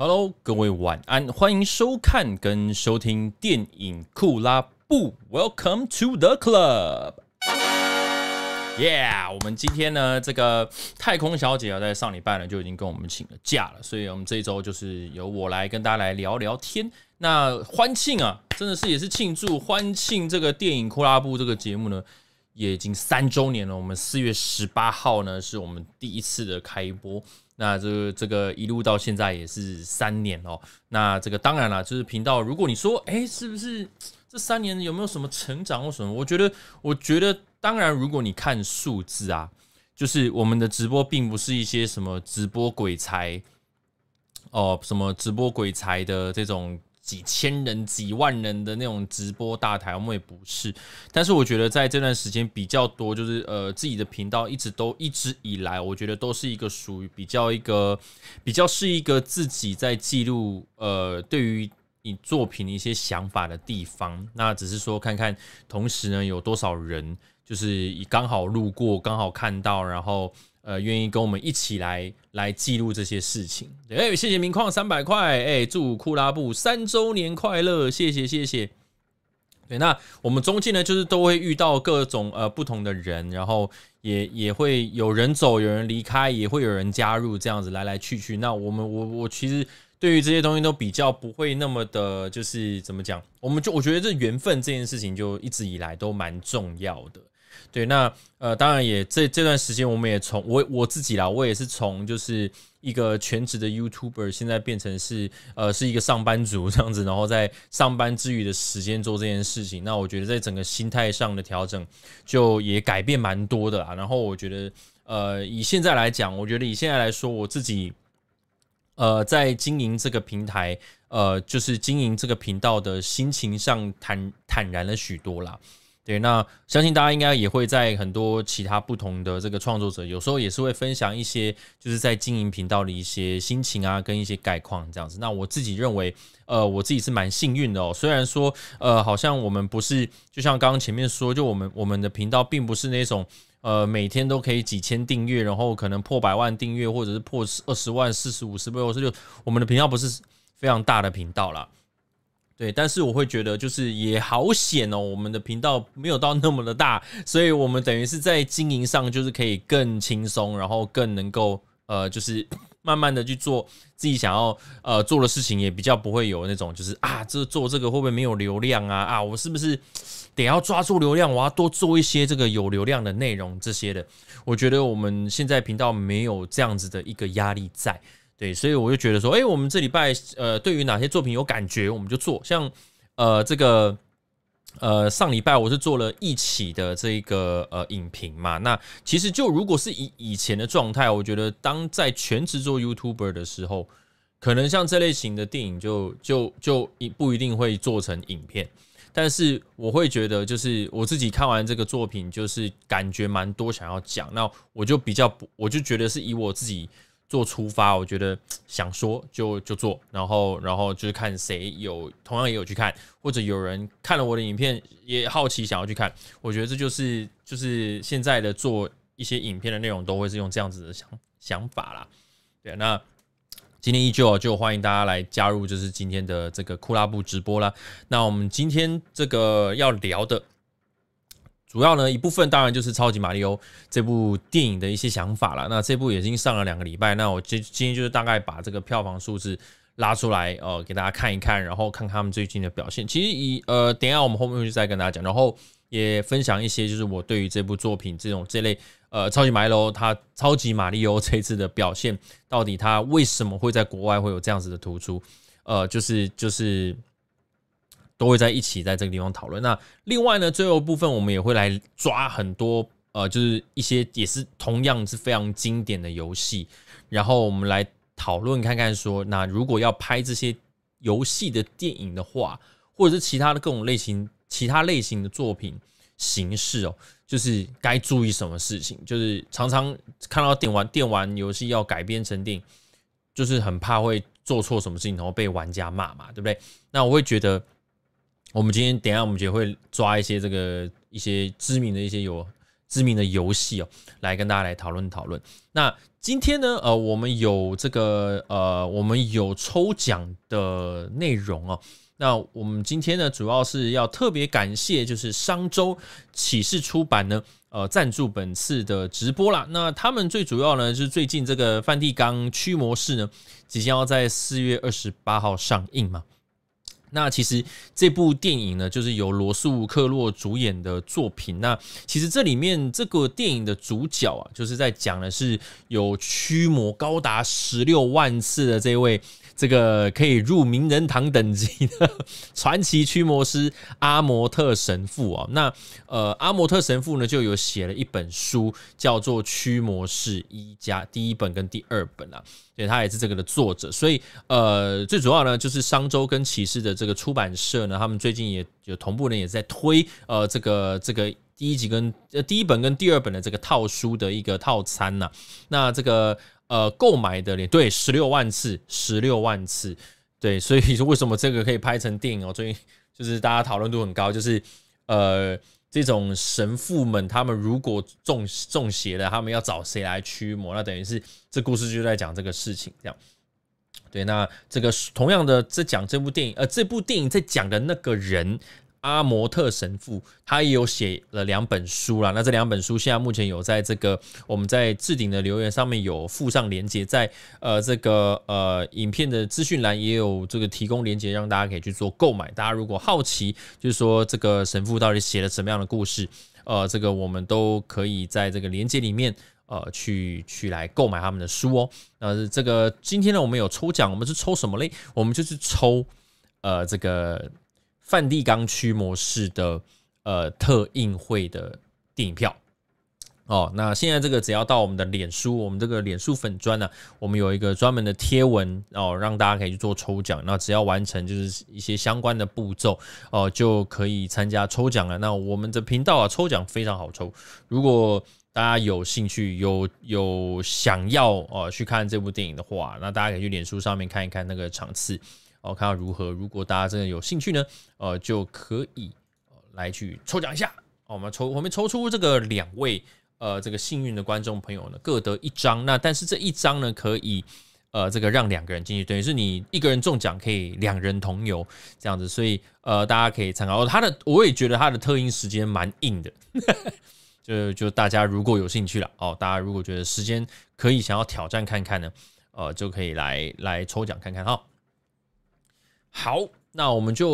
Hello，各位晚安，歡迎收看跟收聽電影酷拉部，Welcome to the club。Yeah，我們今天呢，這個太空小姐啊，在上禮拜呢就已經跟我們請了假了，所以我們這一週就是由我來跟大家來聊聊天。那歡慶啊，真的是也是慶祝歡慶這個電影酷拉部這個節目呢，也已經三週年了。我們四月十八號呢，是我們第一次的開播。那這這個一路到現在也是三年哦。那這個當然了，就是頻道。如果你說，欸，是不是這三年有沒有什麼成長或什麼？我覺得，我覺得，當然，如果你看數字啊，就是我們的直播並不是一些什麼直播鬼才哦，什麼直播鬼才的這種。幾千人、幾萬人的那種直播大台，我們也不是。但是我覺得在這段時間比較多，就是呃，自己的頻道一直都一直以來，我覺得都是一個屬於比較一個比較是一個自己在記錄呃，對於你作品的一些想法的地方。那只是說看看，同時呢，有多少人就是剛好路過，剛好看到，然後。呃，願意跟我們一起來來記錄這些事情。對，哎、欸，謝謝明礦三百塊。哎、欸，祝酷拉部三周年快樂！謝謝，謝謝。對，那我們中間呢，就是都會遇到各種呃不同的人，然後也也會有人走，有人離開，也會有人加入，這樣子來來去去。那我們我我其實對於這些東西都比較不會那麼的，就是怎麼講？我們就我覺得這緣分這件事情就一直以來都蠻重要的。對，那呃，當然也這這段時間，我們也從我我自己啦，我也是從就是一個全職的 YouTuber，現在變成是呃是一個上班族這樣子，然後在上班之餘的時間做這件事情。那我覺得在整個心態上的調整，就也改變蠻多的啦。然後我覺得，呃，以現在來講，我覺得以現在來說，我自己，呃，在經營這個平台，呃，就是經營這個頻道的心情上坦坦然了許多啦。對，那相信大家應該也會在很多其他不同的這個創作者，有時候也是會分享一些，就是在經營頻道的一些心情啊，跟一些概況這樣子。那我自己認為，呃，我自己是蠻幸運的哦。雖然說，呃，好像我們不是，就像剛剛前面說，就我們我們的頻道並不是那種，呃，每天都可以幾千訂閱，然後可能破百萬訂閱，或者是破二十萬、四十五十倍，或者就我們的頻道不是非常大的頻道啦。對，但是我會覺得就是也好險哦，我們的頻道沒有到那麼的大，所以我們等於是在經營上就是可以更輕鬆，然後更能夠呃，就是慢慢的去做自己想要呃做的事情，也比較不會有那種就是啊，這做這個會不會沒有流量啊？啊，我是不是得要抓住流量，我要多做一些這個有流量的內容這些的。我覺得我們現在頻道沒有這樣子的一個壓力在。對，所以我就覺得說，誒、欸，我們這禮拜，呃，對於哪些作品有感覺，我們就做。像，呃，這個，呃，上禮拜我是做了《一起》的這個呃影評嘛。那其實就如果是以以前的狀態，我覺得當在全職做 YouTuber 的時候，可能像這類型的電影就就就一不一定會做成影片。但是我會覺得，就是我自己看完這個作品，就是感覺蠻多想要講。那我就比較不，我就覺得是以我自己。做出發，我覺得想說就就做，然後然後就是看誰有，同樣也有去看，或者有人看了我的影片也好奇想要去看，我覺得這就是就是現在的做一些影片的內容都會是用這樣子的想想法啦。對啊，那今天依舊就歡迎大家來加入，就是今天的這個酷拉部直播啦。那我們今天這個要聊的，主要呢，一部分當然就是《超級瑪利歐》這部電影的一些想法了。那這部已經上了兩個禮拜，那我今今天就是大概把這個票房數字拉出來，呃，給大家看一看，然後看看他們最近的表現。其實以呃，等一下我們後面就再跟大家講，然後也分享一些就是我對於這部作品這種這類呃，《超級瑪利歐》它《超級瑪利歐》這一次的表現，到底它為什麼會在國外會有這樣子的突出？呃，就是就是。都會在一起，在這個地方討論。那另外呢，最後部分我們也會來抓很多呃，就是一些也是同樣是非常經典的遊戲，然後我們來討論看看說，那如果要拍這些遊戲的電影的話，或者是其他的各種類型、其他類型的作品形式哦、喔，就是該注意什麼事情？就是常常看到電玩電玩遊戲要改編成電影，就是很怕會做錯什麼事情，然後被玩家罵嘛，對不對？那我會覺得。我們今天等下我們也會抓一些這個一些知名的一些有知名的遊戲哦，來跟大家來討論討論。那今天呢，呃，我們有這個呃，我們有抽獎的內容哦。那我們今天呢，主要是要特別感謝，就是商周啟示出版呢，呃，贊助本次的直播啦。那他們最主要呢，就是最近這個《梵蒂岡驅魔士》呢，即將要在四月二十八號上映嘛。那其實這部電影呢，就是由羅素·克洛主演的作品。那其實這裡面這個電影的主角啊，就是在講的是有驅魔高達十六萬次的這位。這個可以入名人堂等級的傳奇驅魔師阿摩特神父哦、啊、那呃阿摩特神父呢就有寫了一本書，叫做《驅魔師一家》第一本跟第二本啊，對，他也是這個的作者。所以呃最主要呢就是商周跟啟示的這個出版社呢，他們最近也有同步呢也在推呃這個這個第一集跟呃第一本跟第二本的這個套書的一個套餐吶、啊，那這個。呃，購買的你對十六萬次，十六萬次，對，所以說為什麼這個可以拍成電影哦？最近就是大家討論度很高，就是呃，這種神父們他們如果中中邪了，他們要找誰來驅魔？那等於是這故事就在講這個事情，這樣。對，那這個同樣的在講這部電影，呃，這部電影在講的那個人。阿摩特神父他也有寫了兩本書啦，那這兩本書現在目前有在這個我們在置頂的留言上面有附上連接，在呃這個呃影片的資訊欄也有這個提供連接，讓大家可以去做購買。大家如果好奇，就是說這個神父到底寫了什麼樣的故事，呃，這個我們都可以在這個連接裡面呃去去來購買他們的書哦、喔。呃，這個今天呢，我們有抽獎，我們是抽什麼嘞？我們就是抽呃這個。梵蒂岡驅魔士的呃特映會的電影票哦，那現在這個只要到我們的臉書，我們這個臉書粉專呢，我們有一個專門的貼文哦，讓大家可以去做抽獎。那只要完成就是一些相關的步驟哦，就可以參加抽獎了。那我們的頻道啊，抽獎非常好抽。如果大家有興趣、有有想要哦去看這部電影的話，那大家可以去臉書上面看一看那個場次。我看看如何？如果大家真的有興趣呢，呃，就可以來去抽獎一下。我們抽，我們抽出這個兩位，呃，這個幸運的觀眾朋友呢，各得一張。那但是這一張呢，可以呃，這個讓兩個人進去，等於是你一個人中獎可以兩人同遊這樣子。所以呃，大家可以參考哦。他的我也覺得他的特映時間蠻硬的。 就就大家如果有興趣了哦，大家如果覺得時間可以，想要挑戰看看呢，呃，就可以來來抽獎看看啊。好，那我們就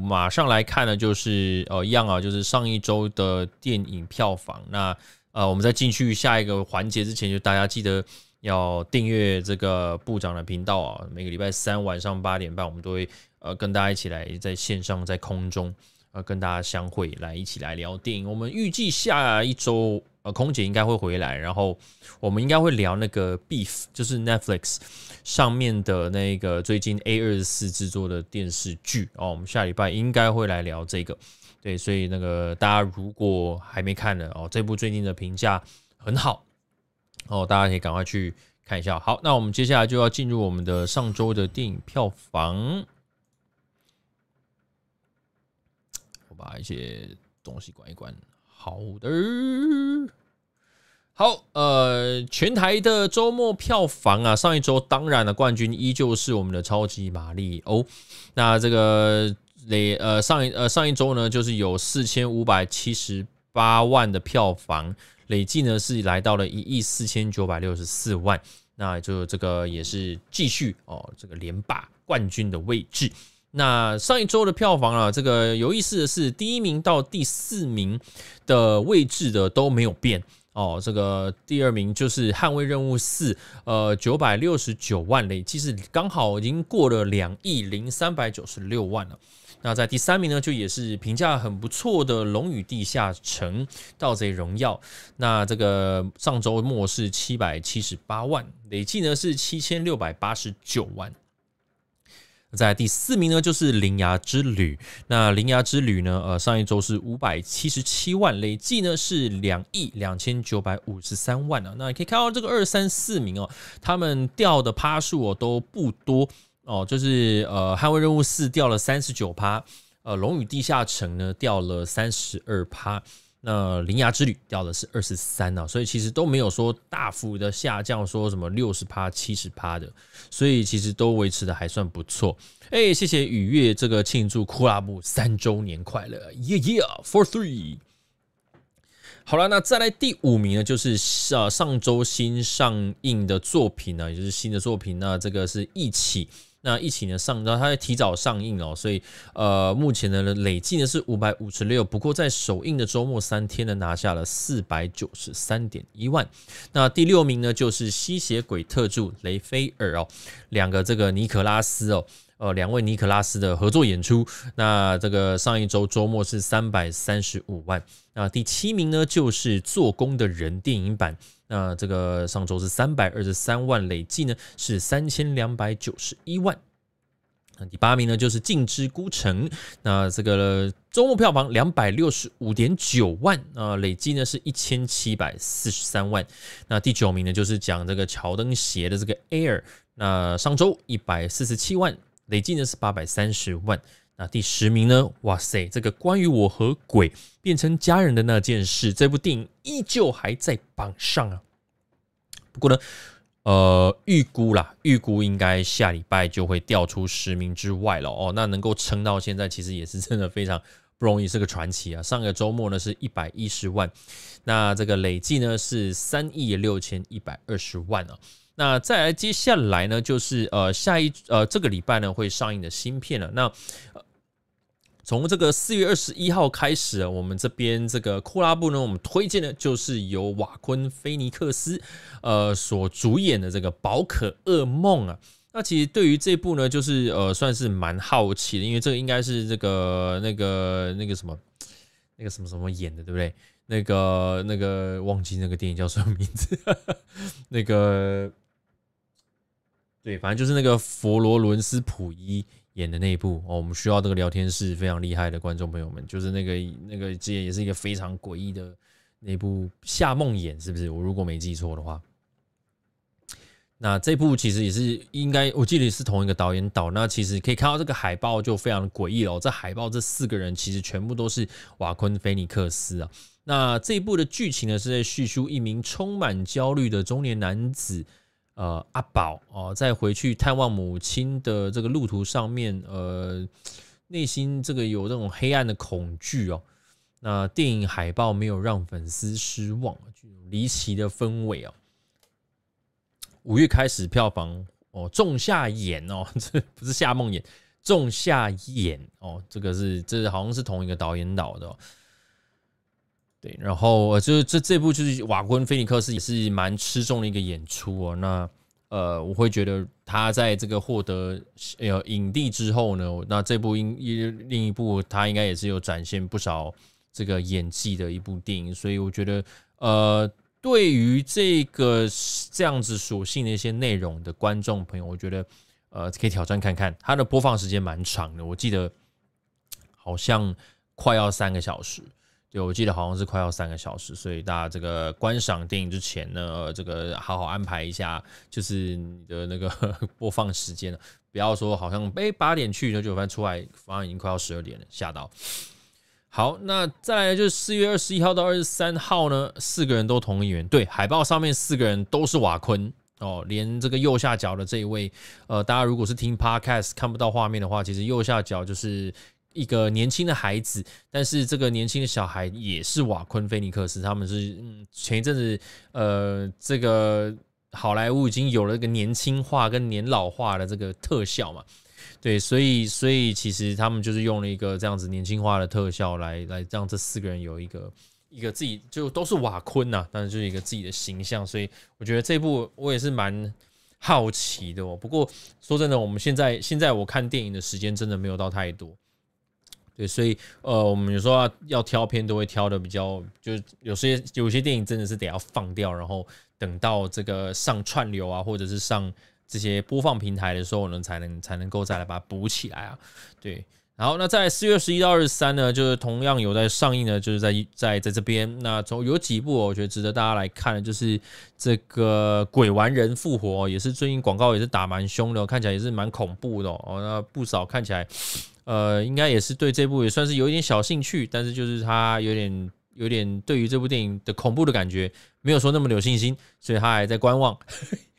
馬上來看的就是呃一樣啊，就是上一周的電影票房。那呃，我們在進去下一個環節之前，就大家記得要訂閱這個部長的頻道啊。每個禮拜三晚上八點半，我們都會呃跟大家一起來在線上在空中呃跟大家相會來來一起來聊電影。我們預計下一周。空姐應該會回來，然後我們應該會聊那個 beef，就是 Netflix 上面的那個最近 A24 製作的電視劇哦，我們下禮拜應該會來聊這個。對，所以那個大家如果還沒看的哦，這部最近的評價很好哦，大家可以趕快去看一下。好，那我們接下來就要進入我們的上周的電影票房，我把一些東西關一關，好的。好，呃，全台的週末票房啊，上一週當然了，冠軍依舊是我們的《超級瑪利歐》哦。那這個累呃上一呃上一週呢，就是有四千五百七十八萬的票房，累計呢是來到了一億四千九百六十四萬。那就這個也是繼續哦，這個連霸冠軍的位置。那上一週的票房啊，這個有意思的是，第一名到第四名的位置的都沒有變。哦，這個第二名就是《捍衛任務四》，呃，九百六十九萬，累計是剛好已經過了兩億零三百九十六萬了。那在第三名呢，就也是評價很不錯的《龍與地下城：盜賊榮耀》。那這個上週末是七百七十八萬，累計呢，是七千六百八十九萬。在第四名呢，就是《鈴芽之旅》。那《鈴芽之旅》呢，呃，上一周是五百七十七萬，累計呢是兩億兩千九百五十三萬啊。那你可以看到，這個二三四名哦，他們掉的趴數哦都不多哦，就是呃，捍衛任務四掉了三十九趴，呃，呃龍與地下城呢掉了三十二趴。那鈴芽之旅掉的是二十三啊，所以其實都沒有說大幅的下降，說什麼六十趴、七十趴的，所以其實都維持的還算不錯。哎，謝謝雨月這個慶祝酷拉部三周年快樂，Yeah Yeah for three。好了，那再來第五名呢，就是呃上周新上映的作品呢，也就是新的作品呢，這個是一起。那疫情呢？上，然它在提早上映哦，所以呃，目前呢累計呢是五百五十六，不過在首映的周末三天呢拿下了四百九十三點一萬。那第六名呢就是《吸血鬼特助》雷菲爾哦，兩個這個尼可拉斯哦，呃，兩位尼可拉斯的合作演出。那這個上一周周末是三百三十五萬。那第七名呢就是《做工的人》電影版。那這個上周是三百二十三萬，累計呢是三千兩百九十一萬。第八名呢就是《靜之孤城》，那這個周末票房兩百六十五點九萬，啊，累計呢是一千七百四十三萬。那第九名呢就是講這個喬丹鞋的這個 Air，那上周一百四十七萬，累計呢是八百三十萬。那第十名呢？哇塞，這個關於我和鬼變成家人的那件事，這部電影依舊還在榜上啊。不過呢，呃，預估啦，預估應該下禮拜就會掉出十名之外了哦。那能夠撐到現在，其實也是真的非常不容易，是個傳奇啊。上個周末呢是一百一十萬，那這個累計呢是三億六千一百二十萬啊。那再來接下來呢，就是呃下一呃這個禮拜呢會上映的新片了，那。從這個四月二十一號開始啊，我們這邊這個酷拉部呢，我們推薦的就是由瓦昆菲尼克斯，呃，所主演的這個《寶可噩夢》啊。那其實對於這部呢，就是呃，算是蠻好奇的，因為這個應該是這個那個那個什麼那個什麼什麼演的，對不對？那個那個忘記那個電影叫什麼名字？ 那個，對，反正就是那個佛羅倫斯普伊，演的那一部哦，我們需要這個聊天室非常厲害的觀眾朋友們，就是那個那個之前也是一個非常詭異的那部《夏夢魘》，是不是？我如果沒記錯的話，那這部其實也是應該我記得是同一個導演導。那其實可以看到這個海報就非常詭異了。這海報這四個人其實全部都是瓦昆·菲尼克斯啊。那這一部的劇情呢是在敘述一名充滿焦慮的中年男子。呃，阿寶哦，在回去探望母親的這個路途上面，呃，內心這個有這種黑暗的恐懼哦。那、呃、電影海報沒有讓粉絲失望，離奇的氛圍啊、哦。五月開始票房哦，仲夏魘哦，這不是夏夢魘，仲夏魘哦，這個是這個、好像是同一個導演導的、哦。對，然後就這這部就是瓦昆菲尼克斯也是蠻吃重的一個演出哦。那呃，我會覺得他在這個獲得呃影帝之後呢，那這部應一另一部他應該也是有展現不少這個演技的一部電影。所以我覺得呃，對於這個這樣子屬性的一些內容的觀眾朋友，我覺得呃可以挑戰看看。它的播放時間蠻長的，我記得好像快要三個小時。對，我記得好像是快要三個小時，所以大家這個觀賞電影之前呢、呃，這個好好安排一下，就是你的那個呵呵播放時間，不要說好像哎八點去，九九點出來。反正已經快要十二點了，嚇到。好，那再來就是四月二十一號到二十三號呢，四個人都同一人，對，海報上面四個人都是瓦昆哦，連這個右下角的這一位，呃，大家如果是聽 podcast 看不到畫面的話，其實右下角就是。一個年輕的孩子，但是這個年輕的小孩也是瓦昆菲尼克斯，他們是嗯前一陣子呃，這個好萊塢已經有了一個年輕化跟年老化的這個特效嘛，對，所以所以其實他們就是用了一個這樣子年輕化的特效來來讓這四個人有一個一個自己就都是瓦昆吶啊，但是就是一個自己的形象，所以我覺得這部我也是蠻好奇的哦。不過說真的，我們現在現在我看電影的時間真的沒有到太多。對，所以呃，我們有時候要挑片都會挑的比較，就是有些有些電影真的是得要放掉，然後等到這個上串流啊，或者是上這些播放平台的時候呢，才能才能夠再來把它補起來啊。對，然後那在四月十一到二十三呢，就是同樣有在上映的，就是在在在這邊那從有幾部我覺得值得大家來看的，就是這個《鬼玩人》復活，也是最近廣告也是打蠻凶的，看起來也是蠻恐怖的哦，那不少看起來。呃，應該也是對，這部也算是有一點小興趣，但是就是他有點有點對於這部電影的恐怖的感覺，沒有說那麼有信心，所以他還在觀望。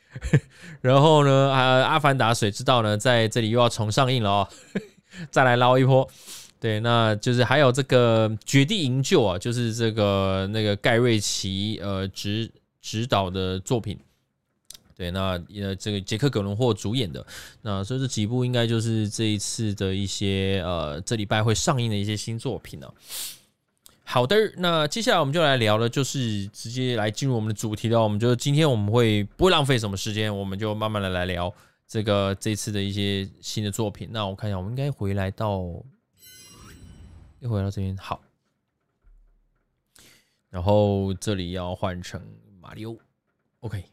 然後呢，還有，《阿凡達》水之道呢，在這裡又要重上映了哦， 再來撈一波。對，那就是還有這個《絕地營救》啊，就是這個那個蓋瑞奇呃執執導的作品。對，那呃，這個傑克·葛倫霍主演的，那所以這幾部應該就是這一次的一些呃，這禮拜會上映的一些新作品呢、啊。好的，那接下來我們就來聊的就是直接來進入我們的主題了。我們就今天我們會不會浪費什麼時間，我們就慢慢的來聊這個這次的一些新的作品。那我看一下，我們應該回來到，又回到這邊，好，然後這裡要換成馬里奧，OK。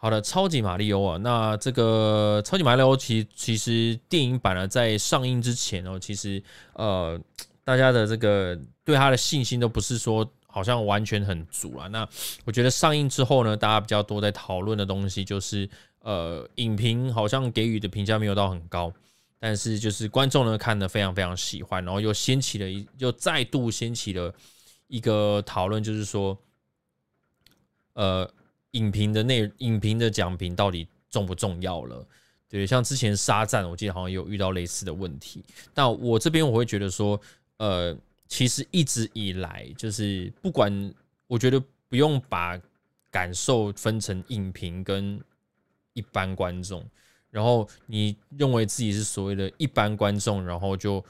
好的，超級瑪利歐啊，那這個超級瑪利歐，其其實電影版呢，在上映之前呢，哦，其實呃，大家的這個對它的信心都不是說好像完全很足啊。那我覺得上映之後呢，大家比較多在討論的東西就是，呃，影評好像給予的評價沒有到很高，但是就是觀眾呢看得非常非常喜歡，然後又掀起了一又再度掀起了一個討論，就是說，呃。影評的那影評的講評到底重不重要了？對，像之前沙贊，我記得好像有遇到類似的問題。那我這邊我會覺得說，呃，其實一直以來就是不管，我覺得不用把感受分成影評跟一般觀眾，然後你認為自己是所謂的一般觀眾，然後就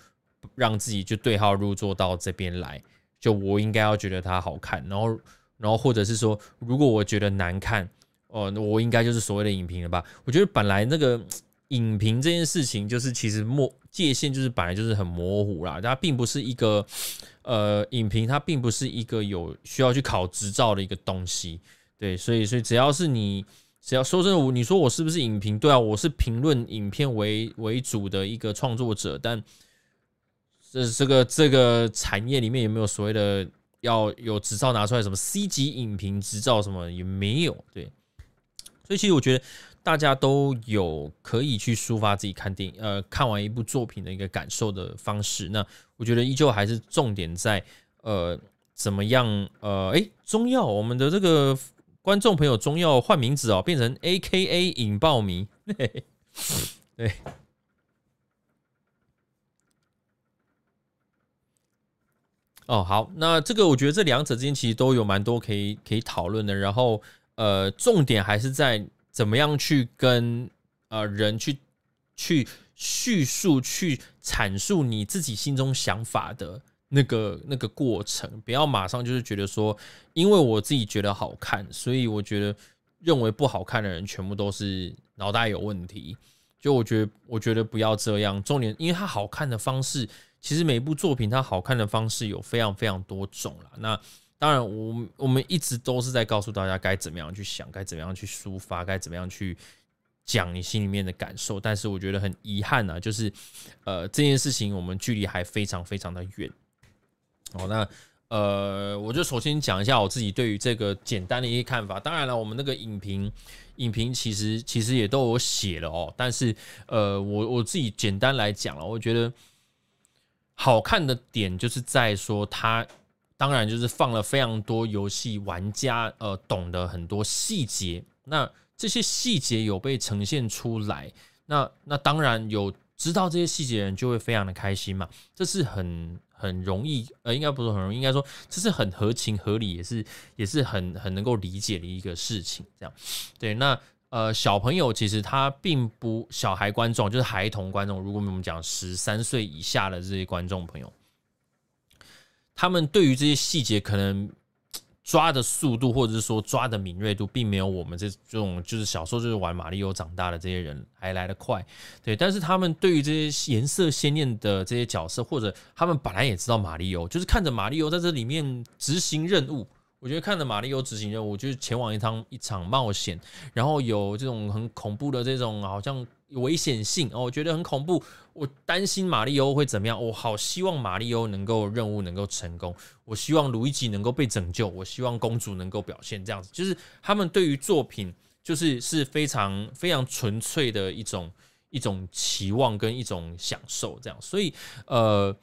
讓自己就對號入座到這邊來，就我應該要覺得它好看，然後。然後，或者是說，如果我覺得難看，哦、呃，我應該就是所謂的影評了吧？我覺得本來那個影評這件事情，就是其實模界限就是本來就是很模糊啦。它並不是一個呃影評，它並不是一個有需要去考執照的一個東西。對，所以，所以只要是你，只要說真的，我你說我是不是影評？對啊，我是評論影片為為主的一個創作者，但這這個這個產業裡面有沒有所謂的？要有執照拿出來，什麼 C 級影評執照什麼也沒有，對。所以其實我覺得大家都有可以去抒發自己看電影，呃，看完一部作品的一個感受的方式。那我覺得依舊還是重點在，呃，怎麼樣？呃，哎，中藥，我們的這個觀眾朋友中藥換名字哦、喔，變成 AKA 引爆迷，對，對。哦，好，那這個我覺得這兩者之間其實都有蠻多可以可以討論的，然後呃，重點還是在怎麼樣去跟呃人去去敘述、去闡述你自己心中想法的那個那個過程，不要馬上就是覺得說，因為我自己覺得好看，所以我覺得認為不好看的人全部都是腦袋有問題，就我覺得我覺得不要這樣。重點因為它好看的方式。其實每部作品它好看的方式有非常非常多種了。那當然，我我們一直都是在告訴大家該怎麼樣去想，該怎麼樣去抒發，該怎麼樣去講你心裡面的感受。但是我覺得很遺憾呢、啊，就是呃這件事情我們距離還非常非常的遠。好，那呃我就首先講一下我自己對於這個簡單的一些看法。當然了，我們那個影評影評其實其實也都有寫了哦、喔。但是呃我我自己簡單來講了，我覺得。好看的點就是在說，它當然就是放了非常多遊戲玩家呃懂得很多細節，那這些細節有被呈現出來，那那當然有知道這些細節的人就會非常的開心嘛，這是很很容易呃，應該不是很容易，應該說這是很合情合理，也是也是很很能夠理解的一個事情，這樣對那。呃，小朋友其實他並不小孩，觀眾，就是孩童觀眾。如果我們講十三歲以下的這些觀眾朋友，他們對於這些細節可能抓的速度，或者是說抓的敏銳度，並沒有我們這這種就是小時候就是玩瑪利歐長大的這些人還來得快。對，但是他們對於這些顏色鮮豔的這些角色，或者他們本來也知道瑪利歐，就是看着瑪利歐在這裡面執行任務。我覺得看着瑪利歐執行任務，我就是前往一趟一場冒險，然後有這種很恐怖的這種好像危險性哦，我覺得很恐怖，我擔心瑪利歐會怎麼樣，我好希望瑪利歐能夠任務能夠成功，我希望路易吉能夠被拯救，我希望公主能夠表現這樣子，就是他們對於作品就是是非常非常純粹的一種一種期望跟一種享受這樣，所以呃。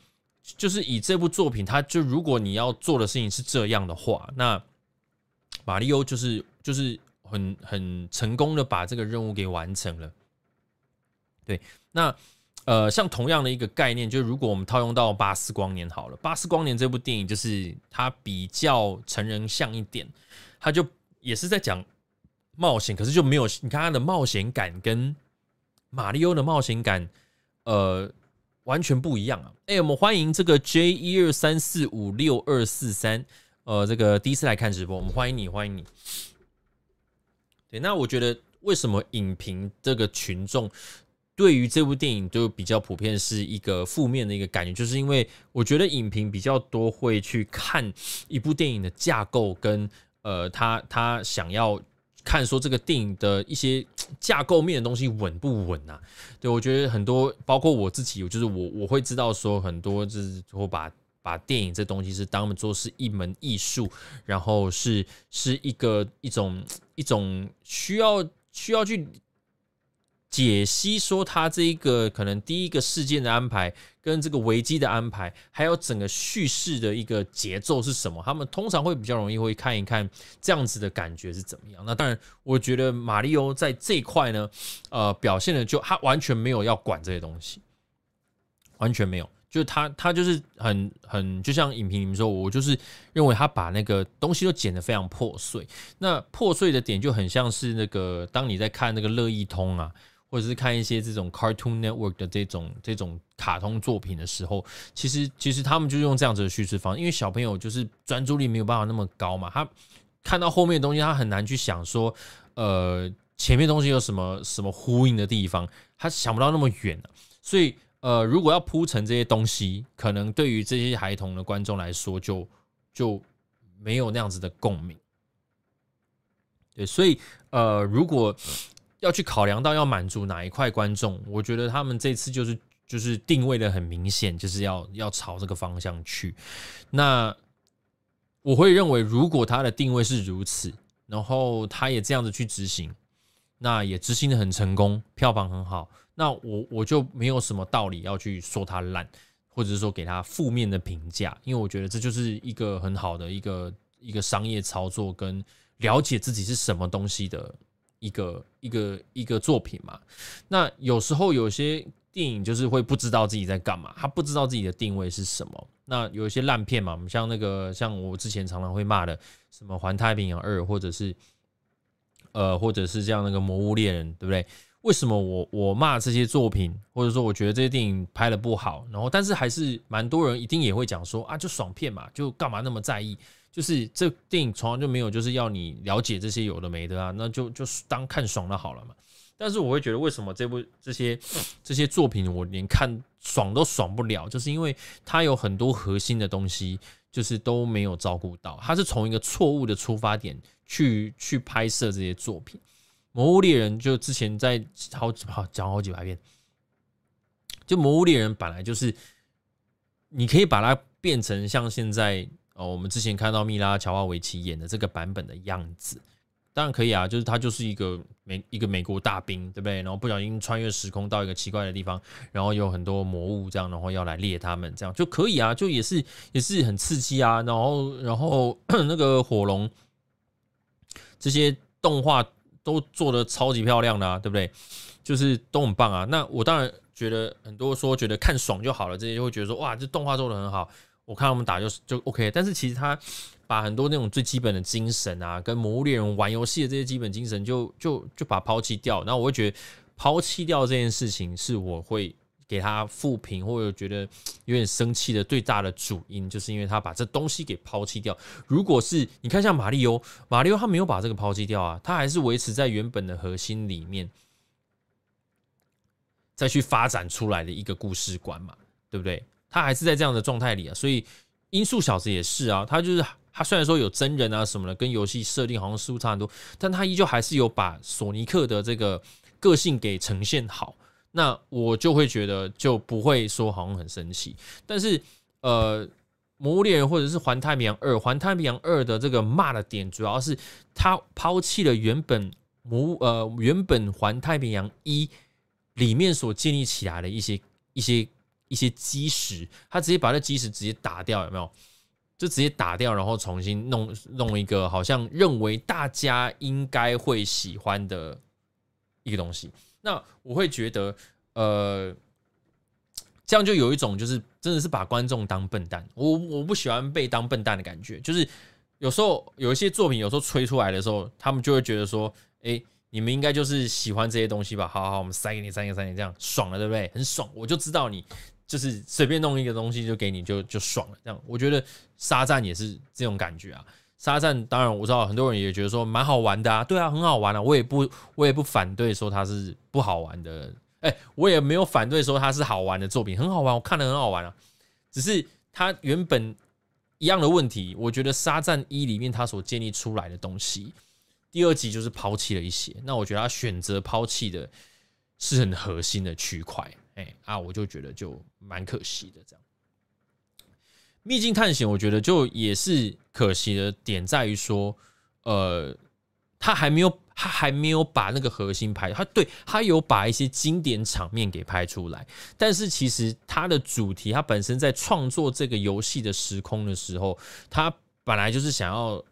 就是以這部作品，他就如果你要做的事情是這樣的話，那馬里奧就是就是很很成功的把這個任務給完成了。對，那呃，像同樣的一個概念，就如果我們套用到《巴斯光年》好了，《巴斯光年》這部電影就是它比較成人像一點，它就也是在講冒險，可是就沒有你看它的冒險感跟馬里奧的冒險感，呃。完全不一樣啊！哎、欸，我們歡迎這個 J 一二三四五六二四三，呃，這個第一次來看直播，我們歡迎你，歡迎你。對，那我覺得為什麼影評這個群眾對於這部電影就比較普遍是一個負面的一個感覺，就是因為我覺得影評比較多會去看一部電影的架構跟呃，他他想要看說這個電影的一些。架構面的東西穩不穩吶啊？對，我覺得很多，包括我自己，我就是我我會知道說很多，就是我把把電影這東西是當做是一門藝術，然後是是一個一種一種需要需要去。解析說，他這一個可能第一個事件的安排，跟這個危機的安排，還有整個敘事的一個節奏是什麼？他們通常會比較容易會看一看這樣子的感覺是怎麼樣。那當然，我覺得瑪利歐在這一塊呢，呃，表現的就他完全沒有要管這些東西，完全沒有，就是他他就是很很就像影評裡面說，我就是認為他把那個東西都剪得非常破碎。那破碎的點就很像是那個當你在看那個樂一通啊。或者是看一些這種 Cartoon Network 的這種這種卡通作品的時候，其實其實他們就用這樣子的敘事方式，因為小朋友就是專注力沒有辦法那麼高嘛，他看到後面的東西，他很難去想說，呃，前面東西有什麼什麼呼應的地方，他想不到那麼遠啊。所以，呃，如果要鋪陳這些東西，可能對於這些孩童的觀眾來說就，就就沒有那樣子的共鳴。對，所以，呃，如果要去考量到要滿足哪一塊觀眾，我覺得他們這次就是就是定位的很明顯，就是要要朝這個方向去。那我會認為，如果他的定位是如此，然後他也這樣子去執行，那也執行的很成功，票房很好。那我我就沒有什麼道理要去說他爛，或者是說給他負面的評價，因為我覺得這就是一個很好的一個一個商業操作跟了解自己是什麼東西的。一個一個一個作品嘛，那有時候有些電影就是會不知道自己在幹嘛，他不知道自己的定位是什麼。那有一些爛片嘛，我們像那個像我之前常常會罵的，什麼《環太平洋二》或者是呃或者是這樣那個《魔物獵人》，對不對？為什麼我我罵這些作品，或者說我覺得這些電影拍得不好，然後但是還是蠻多人一定也會講說啊，就爽片嘛，就幹嘛那麼在意？就是這電影從來就沒有就是要你了解這些有的沒的啊，那就就當看爽了好了嘛。但是我會覺得為什麼這部這些這些作品我連看爽都爽不了，就是因為它有很多核心的東西就是都沒有照顧到，它是從一個錯誤的出發點去去拍攝這些作品。《魔物獵人》就之前在好好講好幾百遍，就《魔物獵人》本來就是你可以把它變成像現在，哦，我們之前看到蜜拉喬瓦維奇演的這個版本的樣子，當然可以啊，就是他就是一個美一個美國大兵，對不對？然後不小心穿越時空到一個奇怪的地方，然後有很多魔物這樣，然後要來獵他們這樣就可以啊，就也是也是很刺激啊。然後，然後 那個火龍這些動畫都做得超級漂亮的啊，對不對？就是都很棒啊。那我當然覺得很多說覺得看爽就好了，這些就會覺得說哇，這動畫做得很好。我看他們打就是就 OK，但是其實他把很多那種最基本的精神啊，跟魔物獵人玩遊戲的這些基本精神就，就就就把拋棄掉。那我會覺得拋棄掉這件事情，是我會給他負評或者覺得有點生氣的最大的主因，就是因為他把這東西給拋棄掉。如果是你看像瑪利歐，瑪利歐他沒有把這個拋棄掉啊，他還是維持在原本的核心裡面再去發展出來的一個故事觀嘛，對不對？他還是在這樣的狀態裡啊，所以《音速小子》也是啊，他就是他雖然說有真人啊什麼的，跟遊戲設定好像似乎差很多，但他依舊還是有把索尼克的這個個性給呈現好，那我就會覺得就不會說好像很生氣。但是，呃，《魔物獵人》或者是《環太平洋二》，《環太平洋二》的這個罵的點，主要是他拋棄了原本魔物呃原本《環太平洋一》裡面所建立起來的一些一些。一些基石，他直接把那基石直接打掉，有沒有？就直接打掉，然後重新弄弄一個，好像認為大家應該會喜歡的一個東西。那我會覺得，呃，這樣就有一種就是真的是把觀眾當笨蛋。我我不喜歡被當笨蛋的感覺。就是有時候有一些作品，有時候吹出來的時候，他們就會覺得說：“哎，你們應該就是喜歡這些東西吧？”好好好，我們塞給你，塞給你，塞給你，這樣爽了，對不對？很爽，我就知道你。就是隨便弄一個東西就給你就就爽了，這樣我覺得《沙贊》也是這種感覺啊。《沙贊》當然我知道很多人也覺得說蠻好玩的，啊，對啊，很好玩啊。我也不我也不反對說它是不好玩的，哎，我也沒有反對說它是好玩的作品，很好玩，我看了很好玩啊。只是它原本一樣的問題，我覺得《沙贊一》裡面它所建立出來的東西，第二集就是拋棄了一些。那我覺得它選擇拋棄的是很核心的區塊，哎啊，我就覺得就。蠻可惜的，這樣。秘境探險，我覺得就也是可惜的點在於說，呃，他還沒有，他還沒有把那個核心拍。他對他有把一些經典場面給拍出來，但是其實他的主題，他本身在創作這個遊戲的時空的時候，他本來就是想要。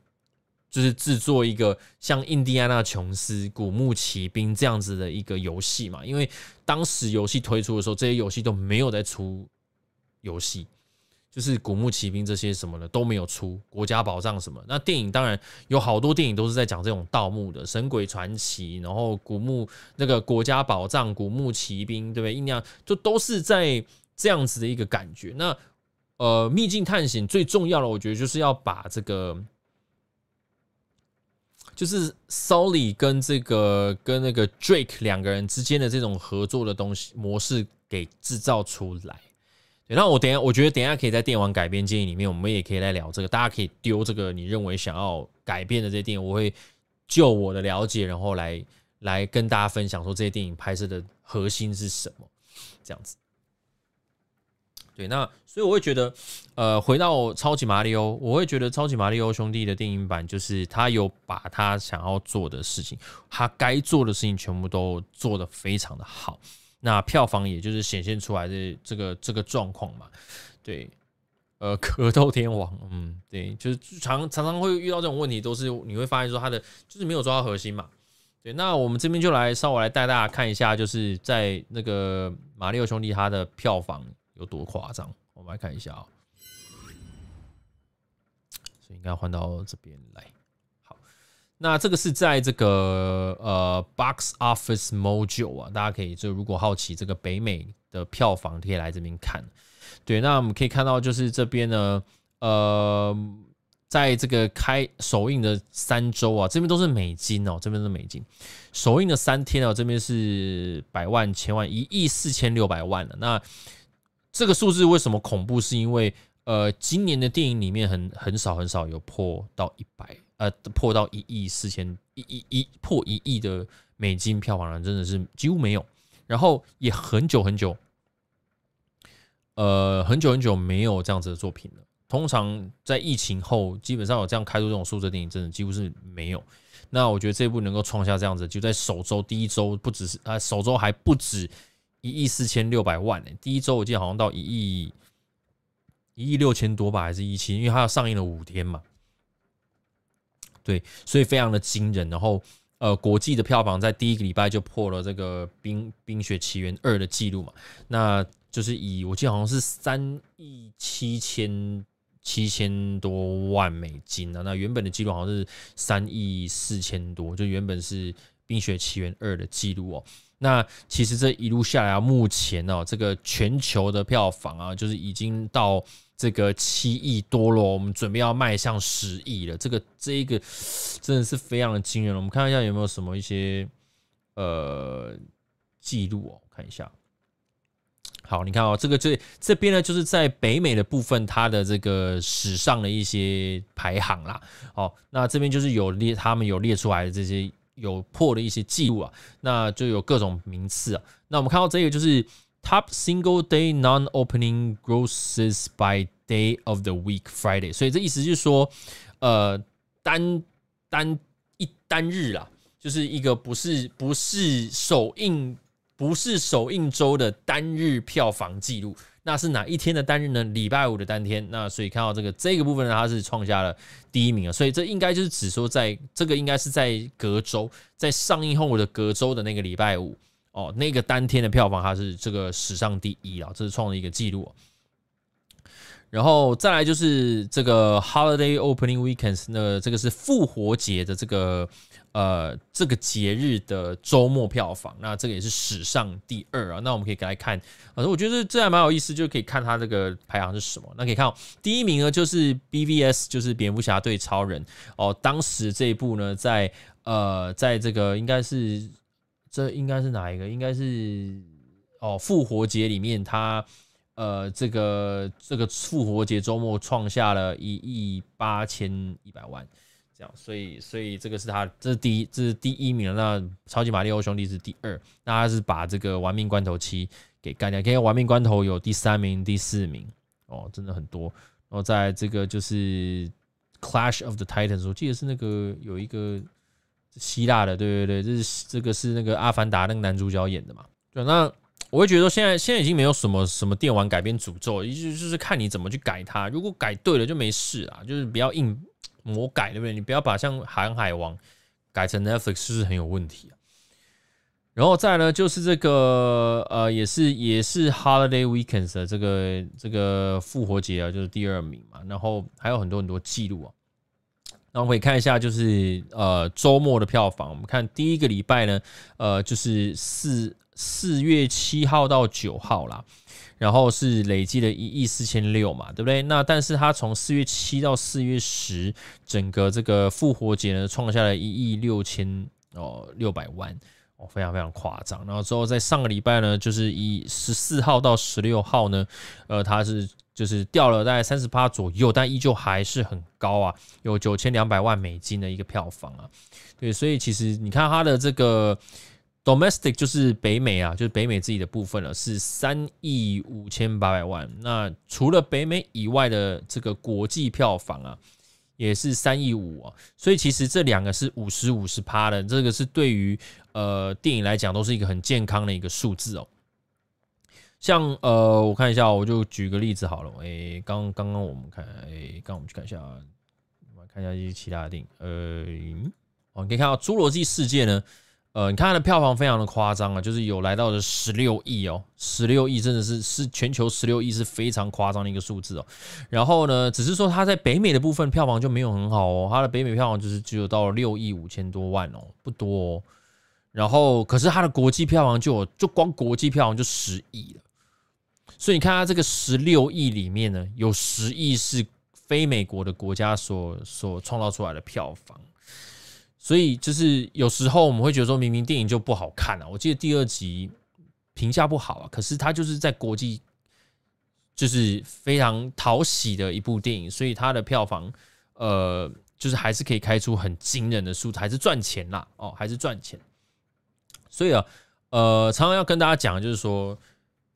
就是製作一個像《印第安納瓊斯》《古墓奇兵》這樣子的一個遊戲嘛，因為當時遊戲推出的時候，這些遊戲都沒有在出遊戲，就是《古墓奇兵》這些什麼的都沒有出，《國家寶藏》什麼。那電影當然有好多電影都是在講這種盜墓的，《神鬼傳奇》，然後《古墓》那個《國家寶藏》《古墓奇兵》，對不對？印第安就都是在這樣子的一個感覺。那呃，《秘境探險》最重要的，我覺得就是要把這個。就是 Sully 跟這個跟那個 Drake 兩個人之間的這種合作的東西模式給製造出來對。那我等一下，我覺得等一下可以在電玩改編建議裡面，我們也可以來聊這個。大家可以丟這個你認為想要改編的這些電影，我會就我的了解，然後來來跟大家分享說這些電影拍攝的核心是什麼，這樣子。對，那所以我會覺得，呃，回到超級馬里奧，我會覺得超級馬里奧兄弟的電影版就是他有把他想要做的事情，他該做的事情全部都做得非常的好。那票房也就是顯現出來的這個這個狀況嘛。對，呃，格鬥天王，嗯，對，就是常常常會遇到這種問題，都是你會發現說他的就是沒有抓到核心嘛。對，那我們這邊就來稍微來帶大家看一下，就是在那個馬里奧兄弟他的票房。有多誇張？我們來看一下啊，所以應該換到這邊來。好，那這個是在這個呃 Box Office Mojo 啊，大家可以就如果好奇這個北美的票房，可以來這邊看。對，那我們可以看到就是這邊呢，呃，在這個開首映的三週啊，這邊都是美金哦，這邊都是美金。首映的三天啊，這邊是百萬、千萬、一億四千六百萬的那。這個數字為什麼恐怖？是因為，呃，今年的電影裡面很很少很少有破到一百，呃，破到一億四千一一一破一億的美金票房了，啊，真的是幾乎沒有。然後也很久很久，呃，很久很久沒有這樣子的作品了。通常在疫情後，基本上有這樣開出這種數字的電影，真的幾乎是沒有。那我覺得這部能夠創下這樣子，就在首周第一周不止是啊，首周還不止。一億四千六百萬呢，欸，第一周我記得好像到一億一億六千多吧，還是一億七？因為它要上映了五天嘛，對，所以非常的驚人。然後，呃，國際的票房在第一個禮拜就破了這個《冰冰雪奇緣二》的記錄嘛，那就是以我記得好像是三億七千七千多萬美金啊，那原本的記錄好像是三億四千多，就原本是。《冰雪奇緣二》的記錄哦，那其實這一路下來啊，目前哦，這個全球的票房啊，就是已經到這個七億多了，我們準備要邁向十億了。這個這一個真的是非常的驚人了。我們看一下有沒有什麼一些呃記錄哦，看一下。好，你看哦，這個這這邊呢，就是在北美的部分，它的這個史上的一些排行啦。哦，那這邊就是有列他們有列出來的這些。有破的一些記錄啊，那就有各種名次啊。那我們看到這個就是 top single day non-opening grosses by day of the week Friday，所以這意思就是說，呃，單單一單日啊，就是一個不是不是首映不是首映週的單日票房記錄那是哪一天的單日呢？禮拜五的當天。那所以看到這個這個部分呢，它是創下了第一名啊，所以這應該就是指說在，在這個應該是在隔周，在上映後的隔周的那個禮拜五哦，那個單天的票房它是這個史上第一啊，這是創了一個紀錄。然後再來就是這個 Holiday Opening Weekends，那個、這個是復活節的這個。呃，這個節日的周末票房，那這個也是史上第二啊。那我們可以來看，反正，呃，我覺得這還蠻有意思，就可以看它這個排行是什麼。那可以看哦，第一名呢就是 BVS，就是蝙蝠俠對超人。哦，當時這一部呢，在呃，在這個應該是這應該是哪一個？應該是哦，復活節裡面它呃，這個這個復活節周末創下了一億八千一百萬。所以，所以這個是他，這是第一，這是第一名了。那超級馬里奧兄弟是第二，那他是把這個玩命關頭七給幹掉。因為玩命關頭有第三名、第四名哦，真的很多。然後在這個就是 Clash of the Titans，我記得是那個有一個希臘的，對對對，這是這個是那個阿凡達那個男主角演的嘛，對、啊。那我會覺得說現在現在已經沒有什麼什麼電玩改編詛咒了，就是看你怎麼去改它。如果改對了就沒事啊，就是不要硬，魔改，對不對？你不要把像《航海王》改成 Netflix，是不是很有問題啊？然後再呢，就是這個呃，也是也是 Holiday Weekends 的這個這個復活節啊，就是第二名嘛。然後還有很多很多記錄啊。那我們可以看一下，就是呃週末的票房，我們看第一個禮拜呢，呃就是四四月七號到九號啦。然後是累計了一億四千六嘛，對不對？那但是它從四月七到四月十，整個這個復活節呢，創下了一億六千哦六百萬哦，非常非常誇張。然後之後在上個禮拜呢，就是以十四號到十六號呢，呃，它是就是掉了大概三十八左右，但依舊還是很高啊，有九千兩百萬美金的一個票房啊。對，所以其實你看它的這個。Domestic 就是北美啊，就是北美自己的部分了，是三億五千八百萬。那除了北美以外的這個國際票房啊，也是三億五啊。所以其實這兩個是五十五十趴的，這個是對於呃電影來講都是一個很健康的一個數字哦，喔。像呃，我看一下，我就舉個例子好了。誒，剛剛剛我們看，誒，剛我們去看一下，我們看一下一些其他的電影。呃，我們可以看到《侏羅紀世界》呢。呃，你看它的票房非常的誇張啊，就是有來到的十六億哦，十六億真的是是全球十六億是非常誇張的一個數字哦。然後呢，只是說它在北美的部分票房就沒有很好哦，它的北美票房就是只有到了六億五千多萬哦，不多哦。然後，可是它的國際票房就有，就光國際票房就十億了，所以你看它這個十六億裡面呢，有十億是非美國的國家所所創造出來的票房。所以就是有時候我們會覺得說，明明電影就不好看了，啊，我記得第二集評價不好啊，可是它就是在國際就是非常討喜的一部電影，所以它的票房呃就是還是可以開出很驚人的數字，還是賺錢啦，啊，哦，還是賺錢。所以啊，呃，常常要跟大家講就是說，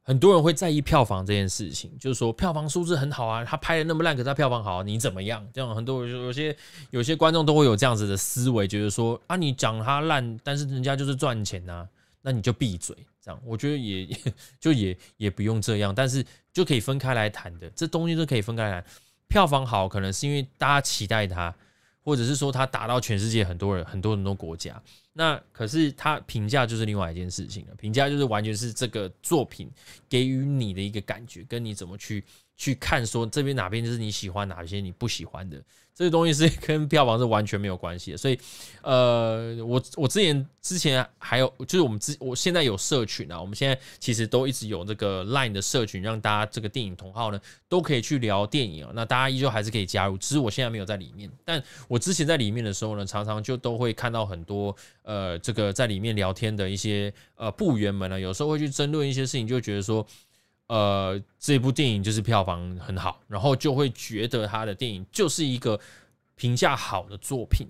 很多人會在意票房這件事情，就是說票房數字很好啊，他拍的那麼爛，可是他票房好啊，你怎麼樣？這樣很多有些有些觀眾都會有這樣子的思維，覺得說啊，你講他爛，但是人家就是賺錢啊，那你就閉嘴。這樣我覺得也就也也不用這樣，但是就可以分開來談的，這東西都可以分開來談。票房好，可能是因為大家期待它，或者是說它打到全世界很多人很多很多國家。那可是他評價就是另外一件事情了，評價就是完全是這個作品給予你的一個感覺，跟你怎麼去。去看說這邊哪邊，就是你喜歡哪些、你不喜歡的，這些東西是跟票房是完全沒有關係的。所以，呃，我我之前之前還有就是我們之我現在有社群啊，我們現在其實都一直有那個 Line 的社群，讓大家這個電影同好呢都可以去聊電影啊。那大家依舊還是可以加入，只是我現在沒有在裡面。但我之前在裡面的時候呢，常常就都會看到很多呃這個在裡面聊天的一些呃部員們呢，有時候會去爭論一些事情，就覺得說。呃，這部電影就是票房很好，然後就會覺得他的電影就是一個評價好的作品，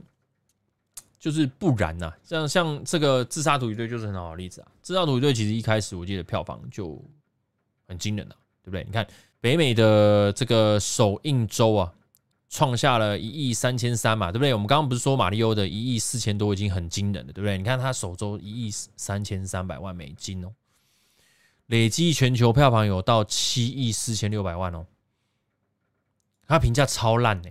就是不然吶、啊，像像這個《自殺突擊隊》就是很好的例子啊，《自殺突擊隊》其實一開始我記得票房就很驚人吶、啊，對不對？你看北美的這個首映週啊，創下了一億三千三嘛，對不對？我們剛剛不是說《瑪利歐》的一億四千多已經很驚人了，對不對？你看他首週一億三千三百萬美金哦、喔。累計全球票房有到七億四千六百萬哦、喔，他評價超爛呢。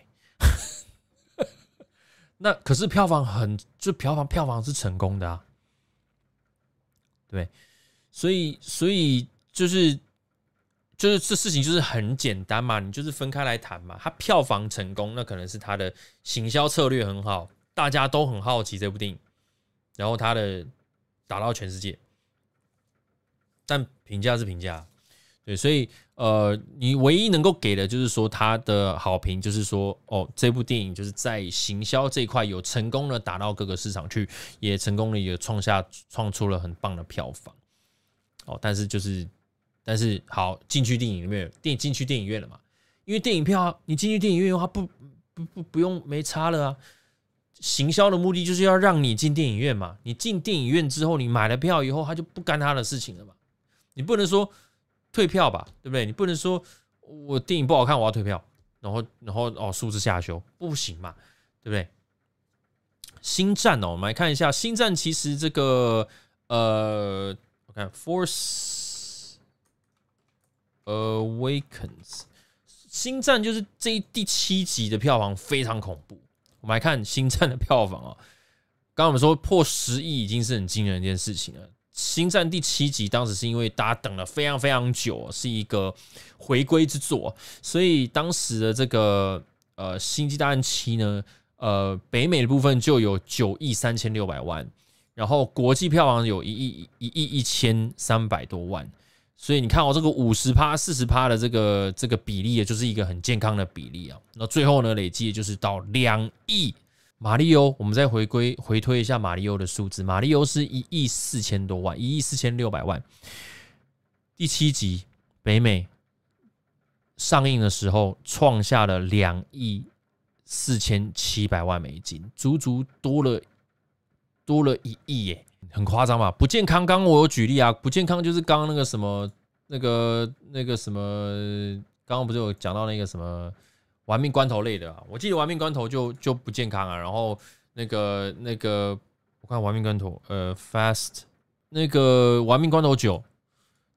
那可是票房很，就票房票房是成功的啊。對，所以所以就是，就是就是這事情就是很簡單嘛，你就是分開來談嘛。他票房成功，那可能是他的行銷策略很好，大家都很好奇這部電影，然後他的打到全世界。但評價是評價，對，所以呃，你唯一能夠給的就是說他的好評，就是說哦，這部電影就是在行銷這一塊有成功的打到各個市場去，也成功的也創下創出了很棒的票房。哦，但是就是，但是好，進去電影裡面，電影進去電影院了嘛？因為電影票你進去電影院的話，不不不不用沒差了啊。行銷的目的就是要讓你進電影院嘛，你進電影院之後，你買了票以後，他就不干他的事情了嘛。你不能說退票吧，對不對？你不能說我電影不好看，我要退票，然後然後哦，數字下修，不行嘛，對不對？星戰哦，我們來看一下星戰，其實這個呃，我看《Force Awakens》星戰就是這第七集的票房非常恐怖。我們來看星戰的票房啊，哦，剛剛我們說破十億已經是很驚人一件事情了。《星戰》第七集當時是因為大家等了非常非常久，是一個回歸之作，所以當時的這個呃《星際大戰七》呢，呃，北美的部分就有九億三千六百萬，然後國際票房有一億一億一千三百多萬，所以你看哦、喔，這個五十趴四十趴的這個這個比例，也就是一個很健康的比例啊。那最後呢，累計就是到兩億。瑪利歐，我們再回歸回推一下瑪利歐的數字。瑪利歐是一億四千多萬，一億四千六百萬。第七集北美上映的時候，創下了兩億四千七百萬美金，足足多了多了一億耶，很誇張吧？不健康。剛我有舉例啊，不健康就是剛剛那個什麼，那個那個什麼，剛剛不是有講到那個什麼？玩命關頭類的、啊，我記得玩命關頭就就不健康啊。然後那個那個，我看玩命關頭，呃，Fast 那個玩命關頭九，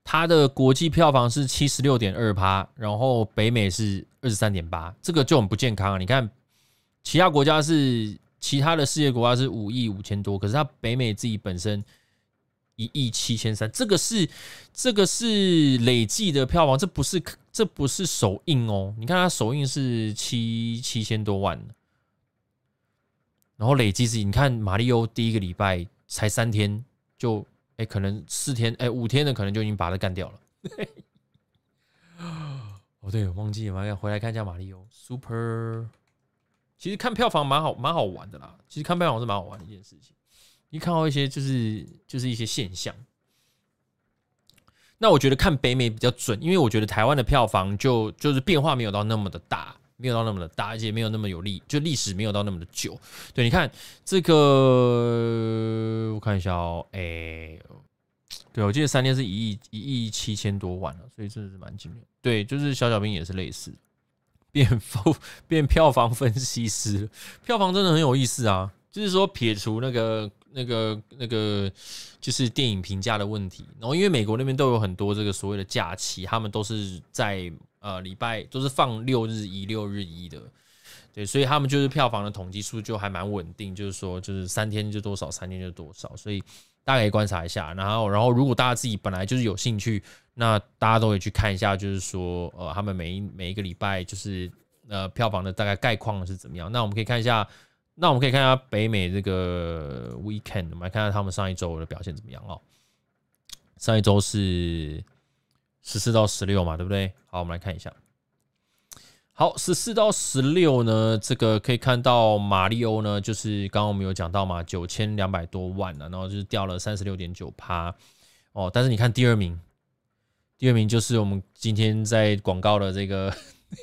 它的國際票房是七十六點二趴，然後北美是二十三點八，這個就很不健康啊。你看其他國家是其他的世界國家是五億五千多，可是它北美自己本身。一億七千三，這個是這個是累計的票房，這不是這不是首映哦。你看它首映是七七千多萬，然後累計是，你看《瑪利歐》第一個禮拜才三天就，哎，可能四天，哎，五天的可能就已經把它幹掉了。 哦，對，我忘記，我要回來看一下《瑪利歐》Super。其實看票房蠻好，蠻好玩的啦。其實看票房是蠻好玩的一件事情。一看到一些就是就是一些現象，那我覺得看北美比較準，因為我覺得台灣的票房就就是變化沒有到那麼的大，沒有到那麼的大，而且沒有那麼有歷，就歷史沒有到那麼的久。對，你看這個，我看一下哦、喔，哎、欸，對，我記得三天是一億一億七千多萬了，所以真的是蠻驚人。對，就是小小兵也是類似，變分變票房分析師，票房真的很有意思啊，就是說撇除那個。那個那個就是電影評價的問題，然後因為美國那邊都有很多這個所謂的假期，他們都是在呃禮拜都是放六日一六日一的，對，所以他們就是票房的統計數就還蠻穩定，就是說就是三天就多少，三天就多少，所以大家可以觀察一下。然後然後如果大家自己本來就是有興趣，那大家都可以去看一下，就是說呃他們每一每一個禮拜就是呃票房的大概概況是怎麼樣。那我們可以看一下。那我們可以看一下北美這個 weekend，我們來看一下他們上一周的表現怎麼樣哦。上一周是十四到十六嘛，對不對？好，我們來看一下。好，十四到十六呢，這個可以看到馬里歐呢，就是剛剛我們有講到嘛，九千兩百多萬了啊，然後就是掉了三十六點九趴哦。但是你看第二名，第二名就是我們今天在廣告的這個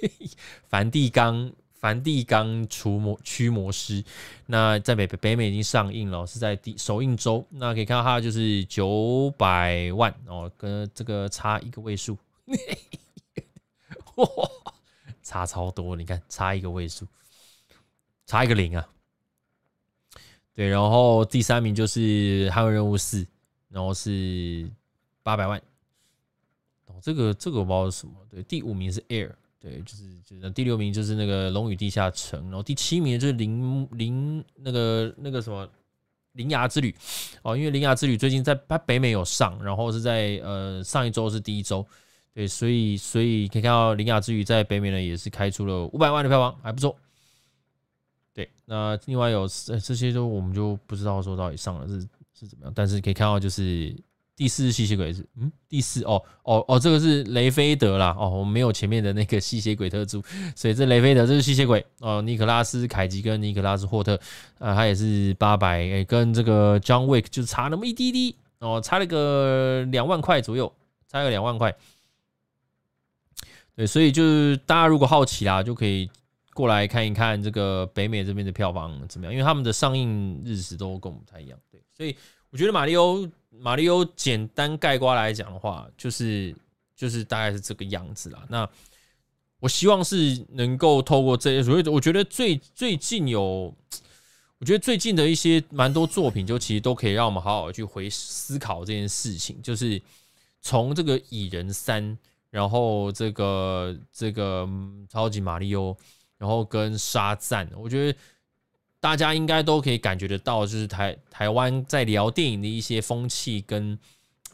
梵蒂岡。梵蒂岡除魔驅魔師》，那在北北美已經上映了，是在第首映周。那可以看到它就是九百萬哦，跟這個差一個位數，哇，差超多！你看，差一個位數，差一個零啊。對，然後第三名就是《捍衛任務四》，然後是八百萬。哦，這個這個我不知道是什麼。對，第五名是 Air。對，就是就是那第六名就是那個《龍與地下城》，然後第七名就是鈴鈴鈴，那個那個什麼《鈴芽之旅》哦，因為《鈴芽之旅》最近在北北美有上，然後是在呃上一周是第一周，對，所以所以可以看到《鈴芽之旅》在北美呢也是開出了五百萬的票房，還不錯。對，那另外有這這些都我們就不知道說到底上了是是怎麼樣，但是可以看到就是。第四是吸血鬼，是嗯第四哦哦哦，哦，這個是雷菲德啦。哦，我沒有前面的那個吸血鬼特助，所以這雷菲德這是吸血鬼哦，尼克拉斯凱吉跟尼克拉斯霍特啊、呃、他也是八百，欸、跟這個 John Wick 就差那麼一滴滴哦，差了個兩萬塊左右，差個兩萬塊。對，所以就是大家如果好奇啦，就可以過來看一看這個北美這邊的票房怎麼樣，因為他們的上映日子都跟我們不太一樣。對，所以我覺得馬里歐。瑪利歐簡單概括來講的話，就是就是大概是這個樣子啦。那我希望是能夠透過這些，所以我覺得最最近有，我覺得最近的一些蠻多作品，就其實都可以讓我們好好去回思考這件事情。就是從這個蟻人三，然後這個這個超級瑪利歐，然後跟沙贊，我覺得。大家應該都可以感覺得到，就是台台灣在聊電影的一些風氣跟，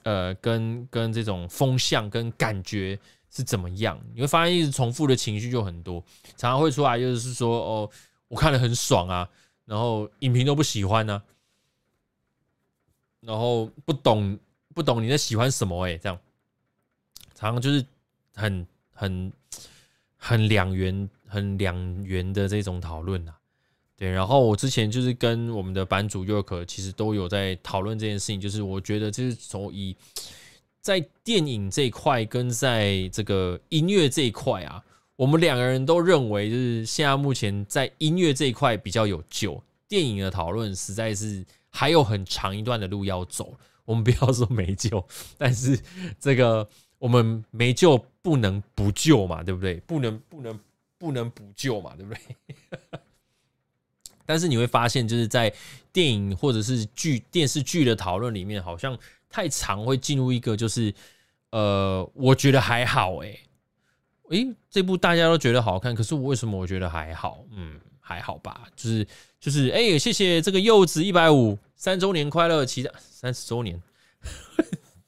呃，跟跟這種風向跟感覺是怎麼樣？你會發現一直重複的情緒就很多，常常會出來，就是說哦，我看了很爽啊，然後影評都不喜歡啊，然後不懂不懂你在喜歡什麼欸，這樣，常常就是很很很兩元、很兩元的這種討論啊。對，然後我之前就是跟我們的版主 York 其實都有在討論這件事情，就是我覺得就是從以在電影這一塊跟在這個音樂這一塊啊，我們兩個人都認為就是現在目前在音樂這一塊比較有救，電影的討論實在是還有很長一段的路要走。我們不要說沒救，但是這個我們沒救不能不救嘛，對不對？不能不能不能不救嘛，對不對？ 但是你會發現，就是在電影或者是劇電視劇的討論裡面，好像太常會進入一個就是，呃，我覺得還好哎，誒這部大家都覺得好看，可是我為什麼我覺得還好？嗯，還好吧，就是就是哎、欸，謝謝這個柚子一百五三周年快樂，其他三十周年，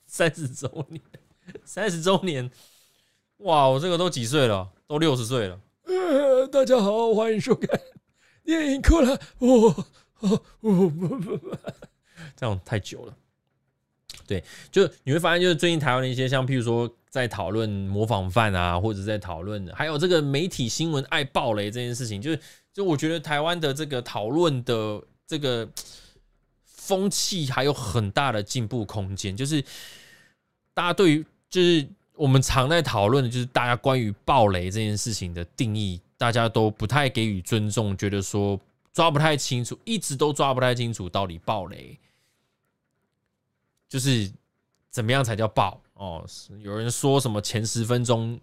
三十周年，三十周年，哇，我這個都幾歲了？都六十歲了。大家好，歡迎收看。電影哭了，我哦，哦，哦，不不不，這樣太久了。對，就你會發現，就是最近台灣的一些，像譬如說，在討論模仿犯啊，或者在討論，還有這個媒體新聞愛爆雷這件事情，就是，就我覺得台灣的這個討論的這個風氣還有很大的進步空間。就是大家對於，就是我們常在討論的，就是大家關於爆雷這件事情的定義。大家都不太給予尊重，覺得說抓不太清楚，一直都抓不太清楚到底爆雷，就是怎麼樣才叫爆哦？有人說什麼前十分鐘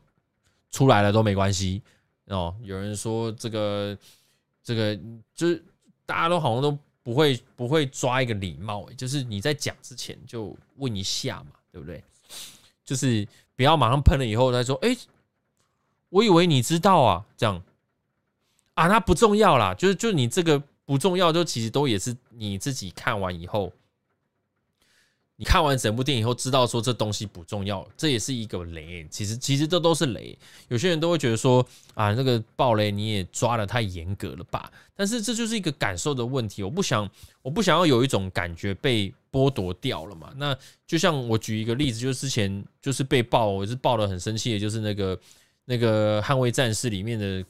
出來了都沒關係哦？有人說這個這個就是大家都好像都不會不會抓一個禮貌，就是你在講之前就問一下嘛，對不對？就是不要馬上噴了以後再說，欸，我以為你知道啊，這樣。啊，那不重要啦，就是就你這個不重要，就其實都也是你自己看完以後，你看完整部電影以後，知道說這東西不重要，這也是一個雷。其實，其實這都，都是雷，有些人都會覺得說啊，那個爆雷你也抓得太嚴格了吧？但是這就是一個感受的問題，我不想我不想要有一種感覺被剝奪掉了嘛。那就像我舉一個例子，就是之前就是被爆，我是爆得很生氣的，就是那個那個捍衛戰士裡面的。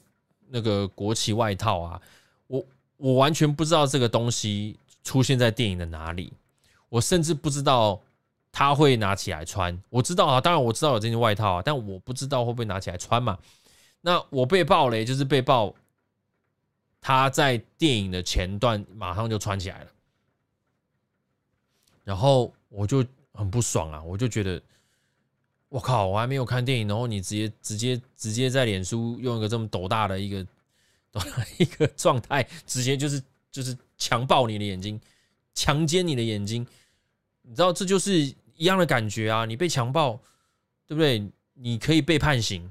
那個國旗外套啊我，我我完全不知道這個東西出現在電影的哪裡，我甚至不知道他會拿起來穿。我知道啊，當然我知道有這件外套啊，但我不知道會不會拿起來穿嘛。那我被爆雷就是被爆他在電影的前段馬上就穿起來了，然後我就很不爽啊，我就覺得。我靠！我還沒有看電影，然後你直接直接直接在臉書用一個這麼斗大的一個斗大的一個狀態，直接就是就是強暴你的眼睛，強姦你的眼睛，你知道這就是一樣的感覺啊！你被強暴，對不對？你可以被判刑，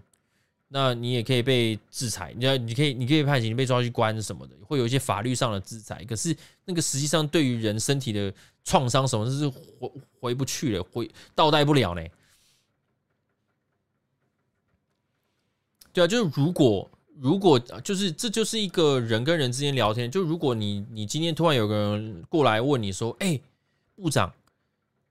那你也可以被制裁。你要你可以你可以判刑，你被抓去關什麼的，會有一些法律上的制裁。可是那個實際上對於人身體的創傷，什麼這是回回不去了，回倒帶不了呢、欸。對啊，就是如果如果就是這就是一個人跟人之間聊天。就如果你你今天突然有個人過來問你說：“哎、欸，部長，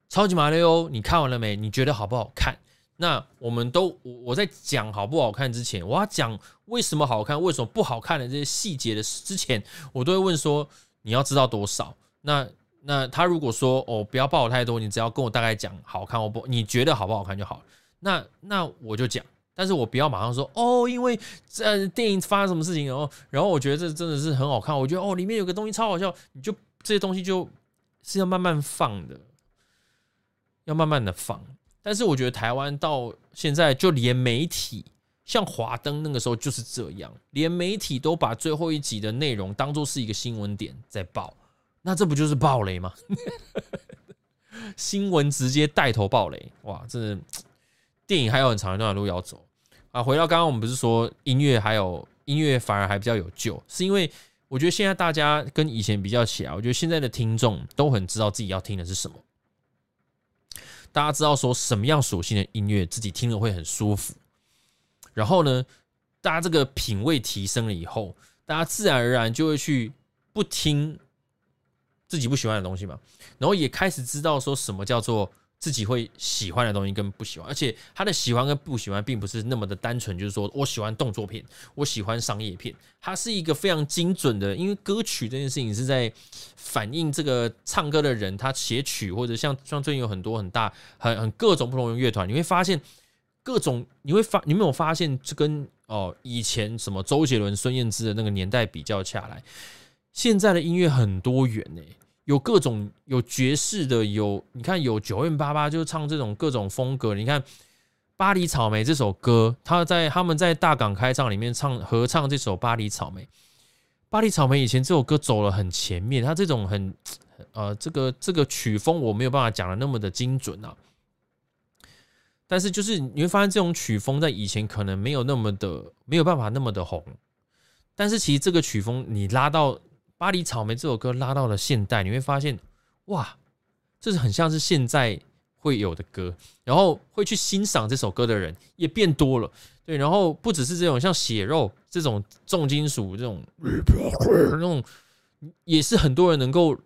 超級瑪利歐你看完了沒？你覺得好不好看？”那我們都我，我在講好不好看之前，我要講為什麼好看、為什麼不好看的這些細節的事之前，我都會問說：“你要知道多少？”那那他如果說：“哦，不要爆太多，你只要跟我大概講好看或不你覺得好不好看就好了。”那那那我就講。但是我不要馬上說哦，因為這、呃、電影發生什麼事情，然、哦、後，然後我覺得這真的是很好看。我覺得哦，裡面有個東西超好笑。你就這些東西就是要慢慢放的，要慢慢的放。但是我覺得台灣到現在，就連媒體像華燈那個時候就是這樣，連媒體都把最後一集的內容當做是一個新聞點在爆，那這不就是爆雷嗎？ 新聞直接帶頭爆雷，哇！真的，電影還有很長一段路要走。啊，回到剛剛，我們不是說音樂，還有音樂反而還比較有救，是因為我覺得現在大家跟以前比較起來，我覺得現在的聽眾都很知道自己要聽的是什麼，大家知道說什麼樣屬性的音樂自己聽了會很舒服，然後呢，大家這個品味提升了以後，大家自然而然就會去不聽自己不喜歡的東西嘛，然後也開始知道說什麼叫做。自己會喜歡的東西跟不喜歡，而且他的喜歡跟不喜歡並不是那麼的單純，就是說我喜歡動作片，我喜歡商業片，它是一個非常精準的。因為歌曲這件事情是在反映這個唱歌的人，他寫曲或者像像最近有很多很大、很很各種不同的樂團，你會發現各種，你會發你有沒有發現這跟哦以前什麼周杰倫、孫燕姿的那個年代比較下來，現在的音樂很多元呢、欸。有各種有爵士的，有你看有 9m88，就唱這種各種風格。你看《巴黎草莓》這首歌，他在他們在大港開唱裡面唱合唱這首《巴黎草莓》。《巴黎草莓》以前這首歌走了很前面，他這種很呃這個這個曲風我沒有辦法講的那麼的精準啊。但是就是你會發現這種曲風在以前可能沒有那麼的沒有辦法那麼的紅，但是其實這個曲風你拉到。《巴黎草莓》這首歌拉到了現代，你會發現，哇，這是很像是現在會有的歌。然後會去欣賞這首歌的人也變多了，對。然後不只是這種像血肉這種重金屬這種，那種也是很多人能夠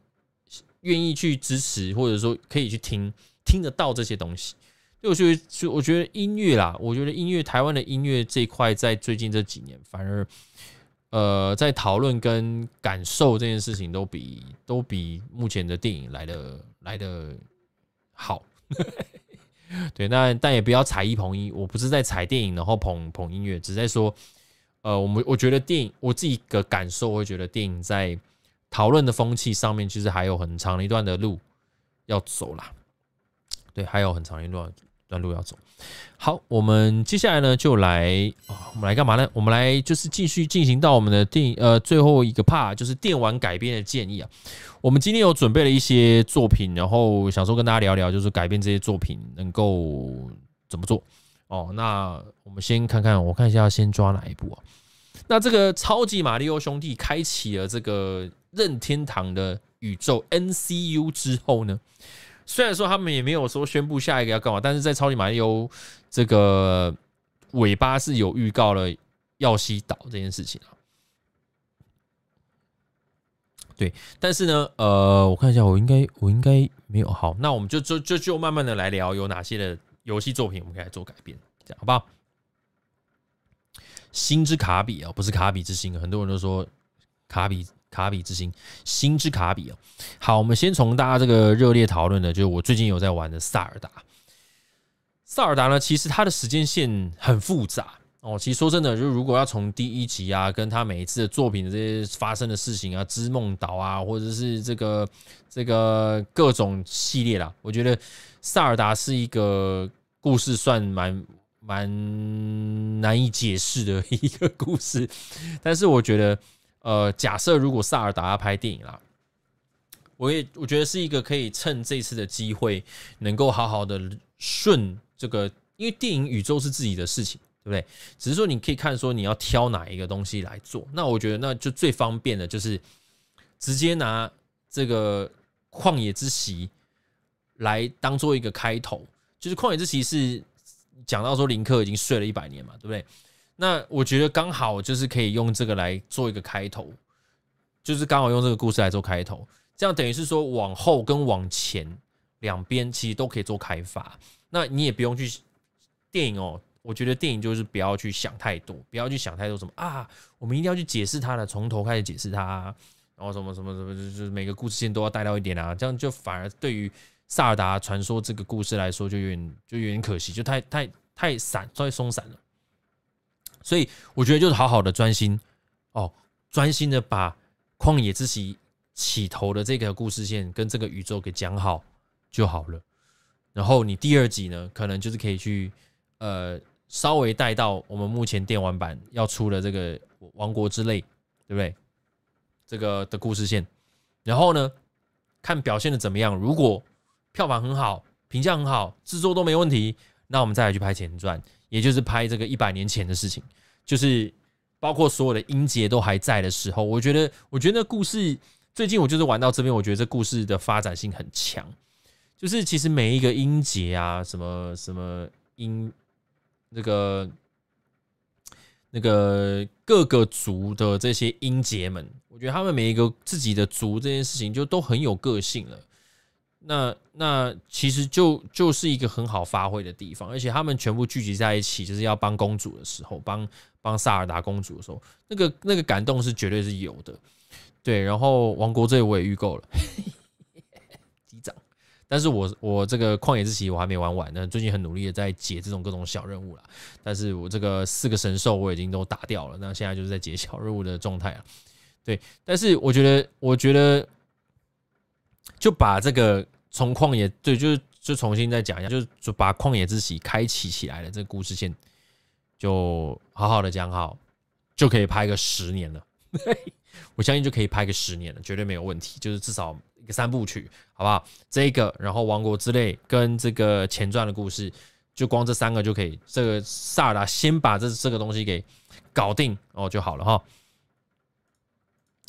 願意去支持，或者說可以去聽聽得到這些東西。就我覺得，所以我覺得音樂啦，我覺得音樂台灣的音樂這一塊在最近這幾年反而。呃，在討論跟感受這件事情，都比都比目前的電影來的來的好。 對，那但，但也不要踩一捧一，我不是在踩電影，然後捧捧音樂，只在說，呃，我們我覺得電影，我自己的感受，我會覺得電影在討論的風氣上面，其實還有很長一段的路要走了。對，還有很長一段一段路要走。好，我們接下來呢，就來我們來幹嘛呢？我們來就是繼續進行到我們的電影呃最後一個 part，就是電玩改編的建議啊。我們今天有準備了一些作品，然後想說跟大家聊聊，就是改編這些作品能夠怎麼做哦。那我們先看看，我看一下要先抓哪一部啊？那這個《超級瑪利歐兄弟》開啟了這個任天堂的宇宙 N C U 之後呢？雖然說他們也沒有說宣布下一個要幹嘛，但是在超級瑪利歐這個尾巴是有預告了耀西島這件事情。對，但是呢，呃，我看一下，我應該我應該沒有。好，那我們就就就就慢慢的來聊有哪些的遊戲作品我們可以來做改編，這樣好不好？星之卡比啊，不是卡比之星，很多人都說卡比。卡比之星，星之卡比啊！好，我們先從大家這個熱烈討論的，就是我最近有在玩的薩爾達。薩爾達呢，其實它的時間線很複雜哦。其實說真的，就如果要從第一集啊，跟他每一次的作品這些發生的事情啊，織夢島啊，或者是這個這個各種系列啦，我覺得薩爾達是一個故事，算蠻蠻難以解釋的一個故事。但是我覺得。呃，假設如果薩爾達要拍電影啦，我也我覺得是一個可以趁這次的機會，能夠好好的順這個，因為電影宇宙是自己的事情，對不對？只是說你可以看說你要挑哪一個東西來做，那我覺得那就最方便的就是直接拿這個曠野之息來當做一個開頭，就是曠野之息是講到說林克已經睡了一百年嘛，對不對？那我覺得剛好就是可以用這個來做一個開頭，就是剛好用這個故事來做開頭，這樣等於是說往後跟往前兩邊其實都可以做開發。那你也不用去電影哦、喔，我覺得電影就是不要去想太多，不要去想太多什麼啊，我們一定要去解釋它了，從頭開始解釋它，啊，然後什麼什麼什麼就是每個故事線都要帶到一點啊，這樣就反而對於《薩爾達傳說》這個故事來說就有點就有點可惜，就太太太散，稍微鬆散了。所以我覺得就是好好的專心哦，專心的把曠野之息起頭的這個故事線跟這個宇宙給講好就好了。然後你第二集呢，可能就是可以去呃稍微帶到我們目前電玩版要出的這個王國之淚，對不對？這個的故事線。然後呢，看表現的怎麼樣。如果票房很好，評價很好，制作都沒問題，那我們再來去拍前傳。也就是拍這個一百年前的事情，就是包括所有的音節都還在的時候，我覺得，我覺得那故事最近我就是玩到這邊，我覺得這故事的發展性很強。就是其實每一個音節啊，什麼什麼音，那個那個各個族的這些音節們，我覺得他們每一個自己的族這件事情就都很有個性了。那那其實就就是一個很好發揮的地方，而且他們全部聚集在一起，就是要幫公主的時候，幫幫薩爾達公主的時候，那個那個感動是絕對是有的，對。然後王國這我也預購了，幾漲。但是我我這個曠野之息我還沒玩完呢，最近很努力的在解這種各種小任務了。但是我這個四個神獸我已經都打掉了，那現在就是在解小任務的狀態啊。對，但是我覺得我覺得就把這個。從曠野對，就就重新再講一下，就是就把曠野之息開啟起來了。這個故事線就好好的講好，就可以拍個十年了。 我相信就可以拍個十年了，絕對沒有問題。就是至少一個三部曲，好不好？這個，然後王國之淚跟這個前傳的故事，就光這三個就可以。這個薩爾達先把這這個東西給搞定哦，就好了哈。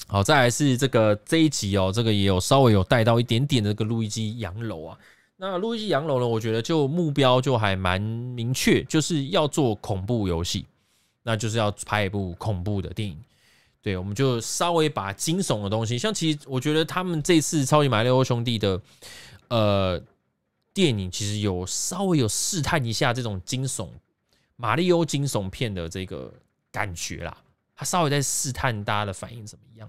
好，再來是這個這一集哦，這個也有稍微有帶到一點點的這個路易吉洋樓啊。那路易吉洋樓呢，我覺得就目標就還蠻明確，就是要做恐怖遊戲，那就是要拍一部恐怖的電影。對，我們就稍微把驚悚的東西，像其實我覺得他們這次超級瑪利歐兄弟的呃電影，其實有稍微有試探一下這種驚悚瑪利歐驚悚片的這個感覺啦。他稍微在試探大家的反應怎麼樣，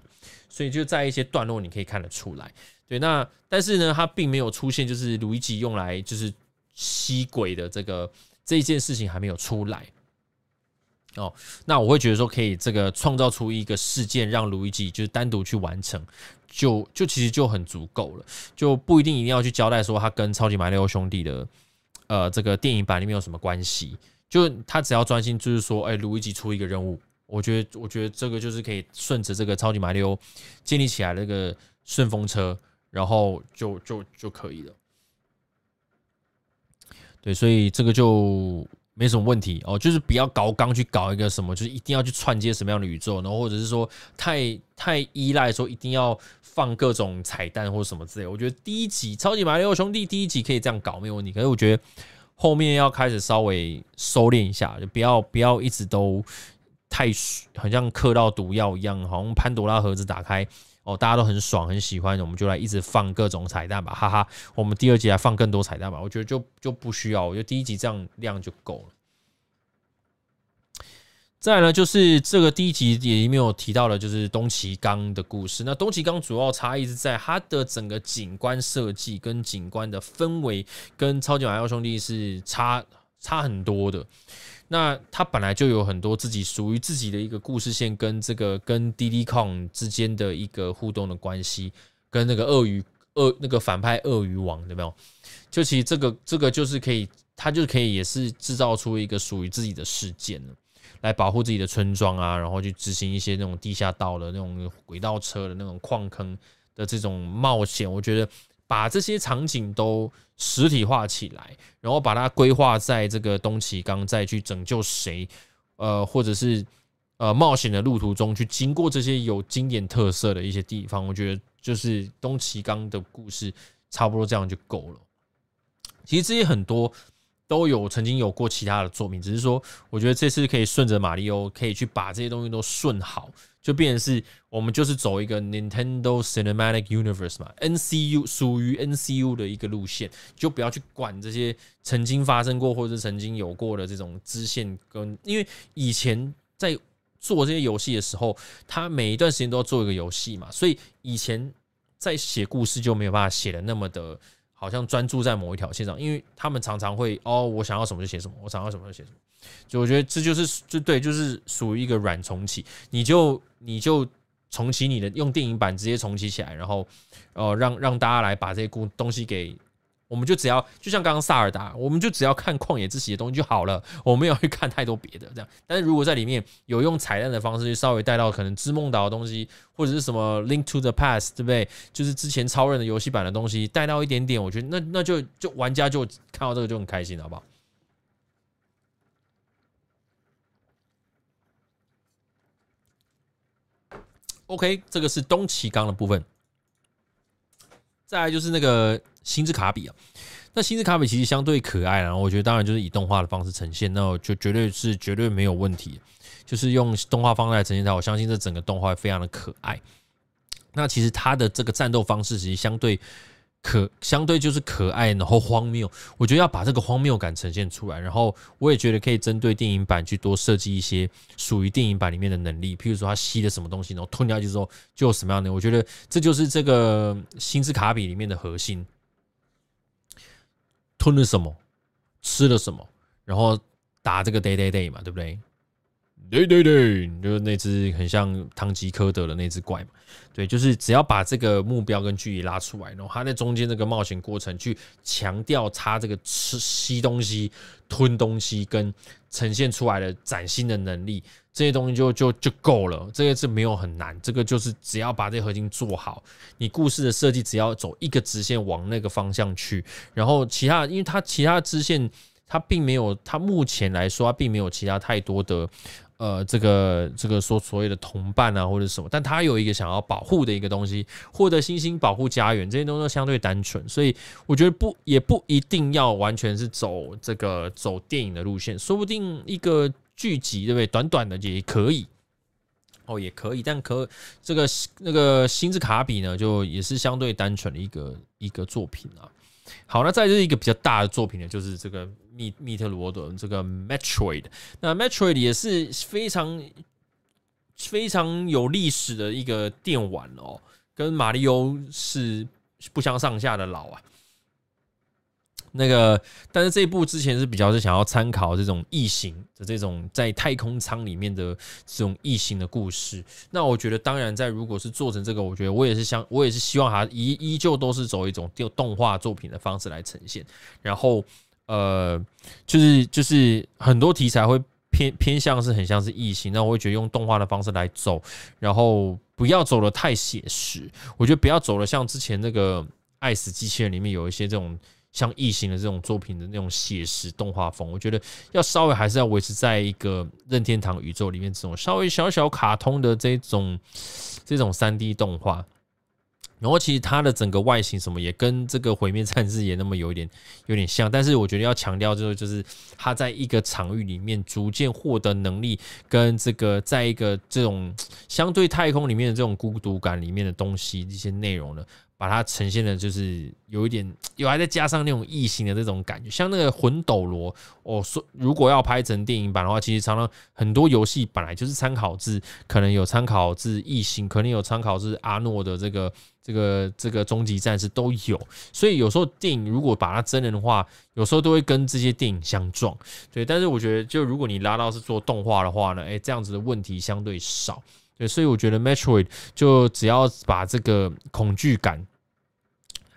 所以就在一些段落你可以看得出來。對，那但是呢，他並沒有出現，就是路易吉用來就是吸鬼的這個這一件事情還沒有出來。哦，那我會覺得說，可以這個創造出一個事件，讓路易吉就是單獨去完成，就就其實就很足夠了，就不一定一定要去交代說他跟超級瑪利歐兄弟的呃這個電影版裡面有什麼關係。就他只要專心，就是說，哎，路易吉出一個任務。我覺得，我覺得這個就是可以順着這個超級瑪利歐建立起來那個順風車，然後就就就可以了。對，所以這個就沒什麼問題哦、喔，就是不要搞剛去搞一個什麼，就是一定要去串接什麼樣的宇宙，然後或者是說太太依賴說一定要放各種彩蛋或者什麼之類。我覺得第一集超級瑪利歐兄弟第一集可以這樣搞，沒有問題。可是我覺得後面要開始稍微收斂一下，就不要不要一直都。太，很像嗑到毒藥一樣，好像潘朵拉盒子打開哦，大家都很爽，很喜歡，我們就來一直放各種彩蛋吧，哈哈。我們第二集來放更多彩蛋吧，我覺得就就不需要，我覺得第一集這樣量就夠了。再來呢，就是這個第一集裡面有提到的，就是東奇剛的故事。那東奇剛主要差異是在它的整個景觀設計跟景觀的氛圍，跟超級瑪利歐兄弟是差差很多的。那他本來就有很多自己屬於自己的一個故事線，跟這個跟滴滴 c o 之間的一個互動的關係，跟那個鱷魚鱷那個反派鱷魚王有沒有？就其實這個這個就是可以，他就是可以也是制造出一個屬於自己的事件來保護自己的村莊啊，然後去執行一些那種地下道的那種軌道車的那種礦坑的這種冒險。我覺得。把這些場景都實體化起來，然後把它規劃在這個咚奇剛，再去拯救誰，呃，或者是呃冒險的路途中去經過這些有經典特色的一些地方，我覺得就是咚奇剛的故事差不多這樣就夠了。其實這些很多。都有曾經有過其他的作品，只是說，我覺得這次可以順着瑪利歐，可以去把這些東西都順好，就變成是，我們就是走一個 Nintendo Cinematic Universe 嘛，N C U 屬於 N C U 的一個路線，就不要去管這些曾經發生過或者是曾經有過的這種支線，跟因為以前在做這些遊戲的時候，他每一段時間都要做一個遊戲嘛，所以以前在寫故事就沒有辦法寫得那麼的。好像專注在某一條線上，因為他們常常會哦，我想要什麼就寫什麼，我想要什麼就寫什麼。就我覺得這就是就對，就是屬於一個軟重啟，你就你就重啟你的用電影版直接重啟起來，然後哦，呃，讓讓大家來把這些故東西給。我們就只要就像剛剛薩爾達，我們就只要看曠野之息的東西就好了，我沒有去看太多別的這樣。但是如果在裡面有用彩蛋的方式去稍微帶到可能織夢島的東西，或者是什麼 Link to the Past，對不對？就是之前超人的遊戲版的東西帶到一點點，我覺得那那就就玩家就看到這個就很開心，好不好？OK，這個是咚奇剛的部分，再來就是那個，星之卡比啊，那星之卡比其實相對可愛啦，我覺得當然就是以動畫的方式呈現，那我就絕對是絕對沒有問題。就是用動畫方式來呈現它，我相信這整個動畫非常的可愛。那其實它的這個戰鬥方式其實相對可，相對就是可愛，然後荒謬。我覺得要把這個荒謬感呈現出來，然後我也覺得可以針對電影版去多設計一些屬於電影版裡面的能力，譬如說它吸的什麼東西，然後吞下去之後就有什麼樣的。我覺得這就是這個星之卡比裡面的核心。吞了什麼，吃了什麼，然後打這個 day day day 嘛，對不對？day day day 就是那隻很像唐吉訶德的那隻怪嘛，對，就是只要把這個目標跟距離拉出來，然後他在中間這個冒險過程去強調它這個吃吸東西、吞東西跟呈現出來的嶄新的能力。這些東西就就就夠了，這個是沒有很難，這個就是只要把這核心做好，你故事的設計只要走一個直線往那個方向去，然後其他因為它其他支線它並沒有，它目前來說它並沒有其他太多的呃這個這個說所謂的同伴啊或者什麼，但它有一個想要保護的一個東西，獲得星星保護家園這些東西都相對單純，所以我覺得不也不一定要完全是走這個走電影的路線，說不定一個。劇集對不對？短短的也可以，哦，也可以。但可這個那個星之卡比呢，就也是相對單純的一個一個作品啊。好，那再就是一個比較大的作品呢，就是這個密特羅德這個 Metroid。那 Metroid 也是非常非常有歷史的一個電玩哦，跟瑪利歐是不相上下的老啊。那個，但是這一部之前是比較是想要參考這種異形的這種在太空艙裡面的這種異形的故事。那我覺得，當然在如果是做成這個，我覺得我也是想，我也是希望它依依舊都是走一種就動畫作品的方式來呈現。然後，呃，就是就是很多題材會偏偏向是很像是異形，那我會覺得用動畫的方式來走，然後不要走得太寫實。我覺得不要走得像之前那個《愛死機器人》裡面有一些這種。像異形的這種作品的那種寫實動畫風，我覺得要稍微還是要維持在一個任天堂宇宙裡面這種稍微小小卡通的這種這種 3D 動畫，然後其實它的整個外形什麼也跟這個毀滅戰士也那麼有一點有點像，但是我覺得要強調的就是它在一個場域裡面逐漸獲得能力，跟這個在一個這種相對太空裡面的這種孤獨感裡面的東西這些內容呢，把它呈現的就是有一點，有還在加上那種異形的這種感覺，像那個《魂斗羅》，我說如果要拍成電影版的話，其實常常很多遊戲本來就是參考自，可能有參考自異形，可能有參考自阿諾的這個這個這個終極戰士都有，所以有時候電影如果把它真人的話，有時候都會跟這些電影相撞，對，但是我覺得就如果你拉到是做動畫的話呢，誒，這樣子的問題相對少。對，所以我覺得《Metroid》就只要把這個恐懼感，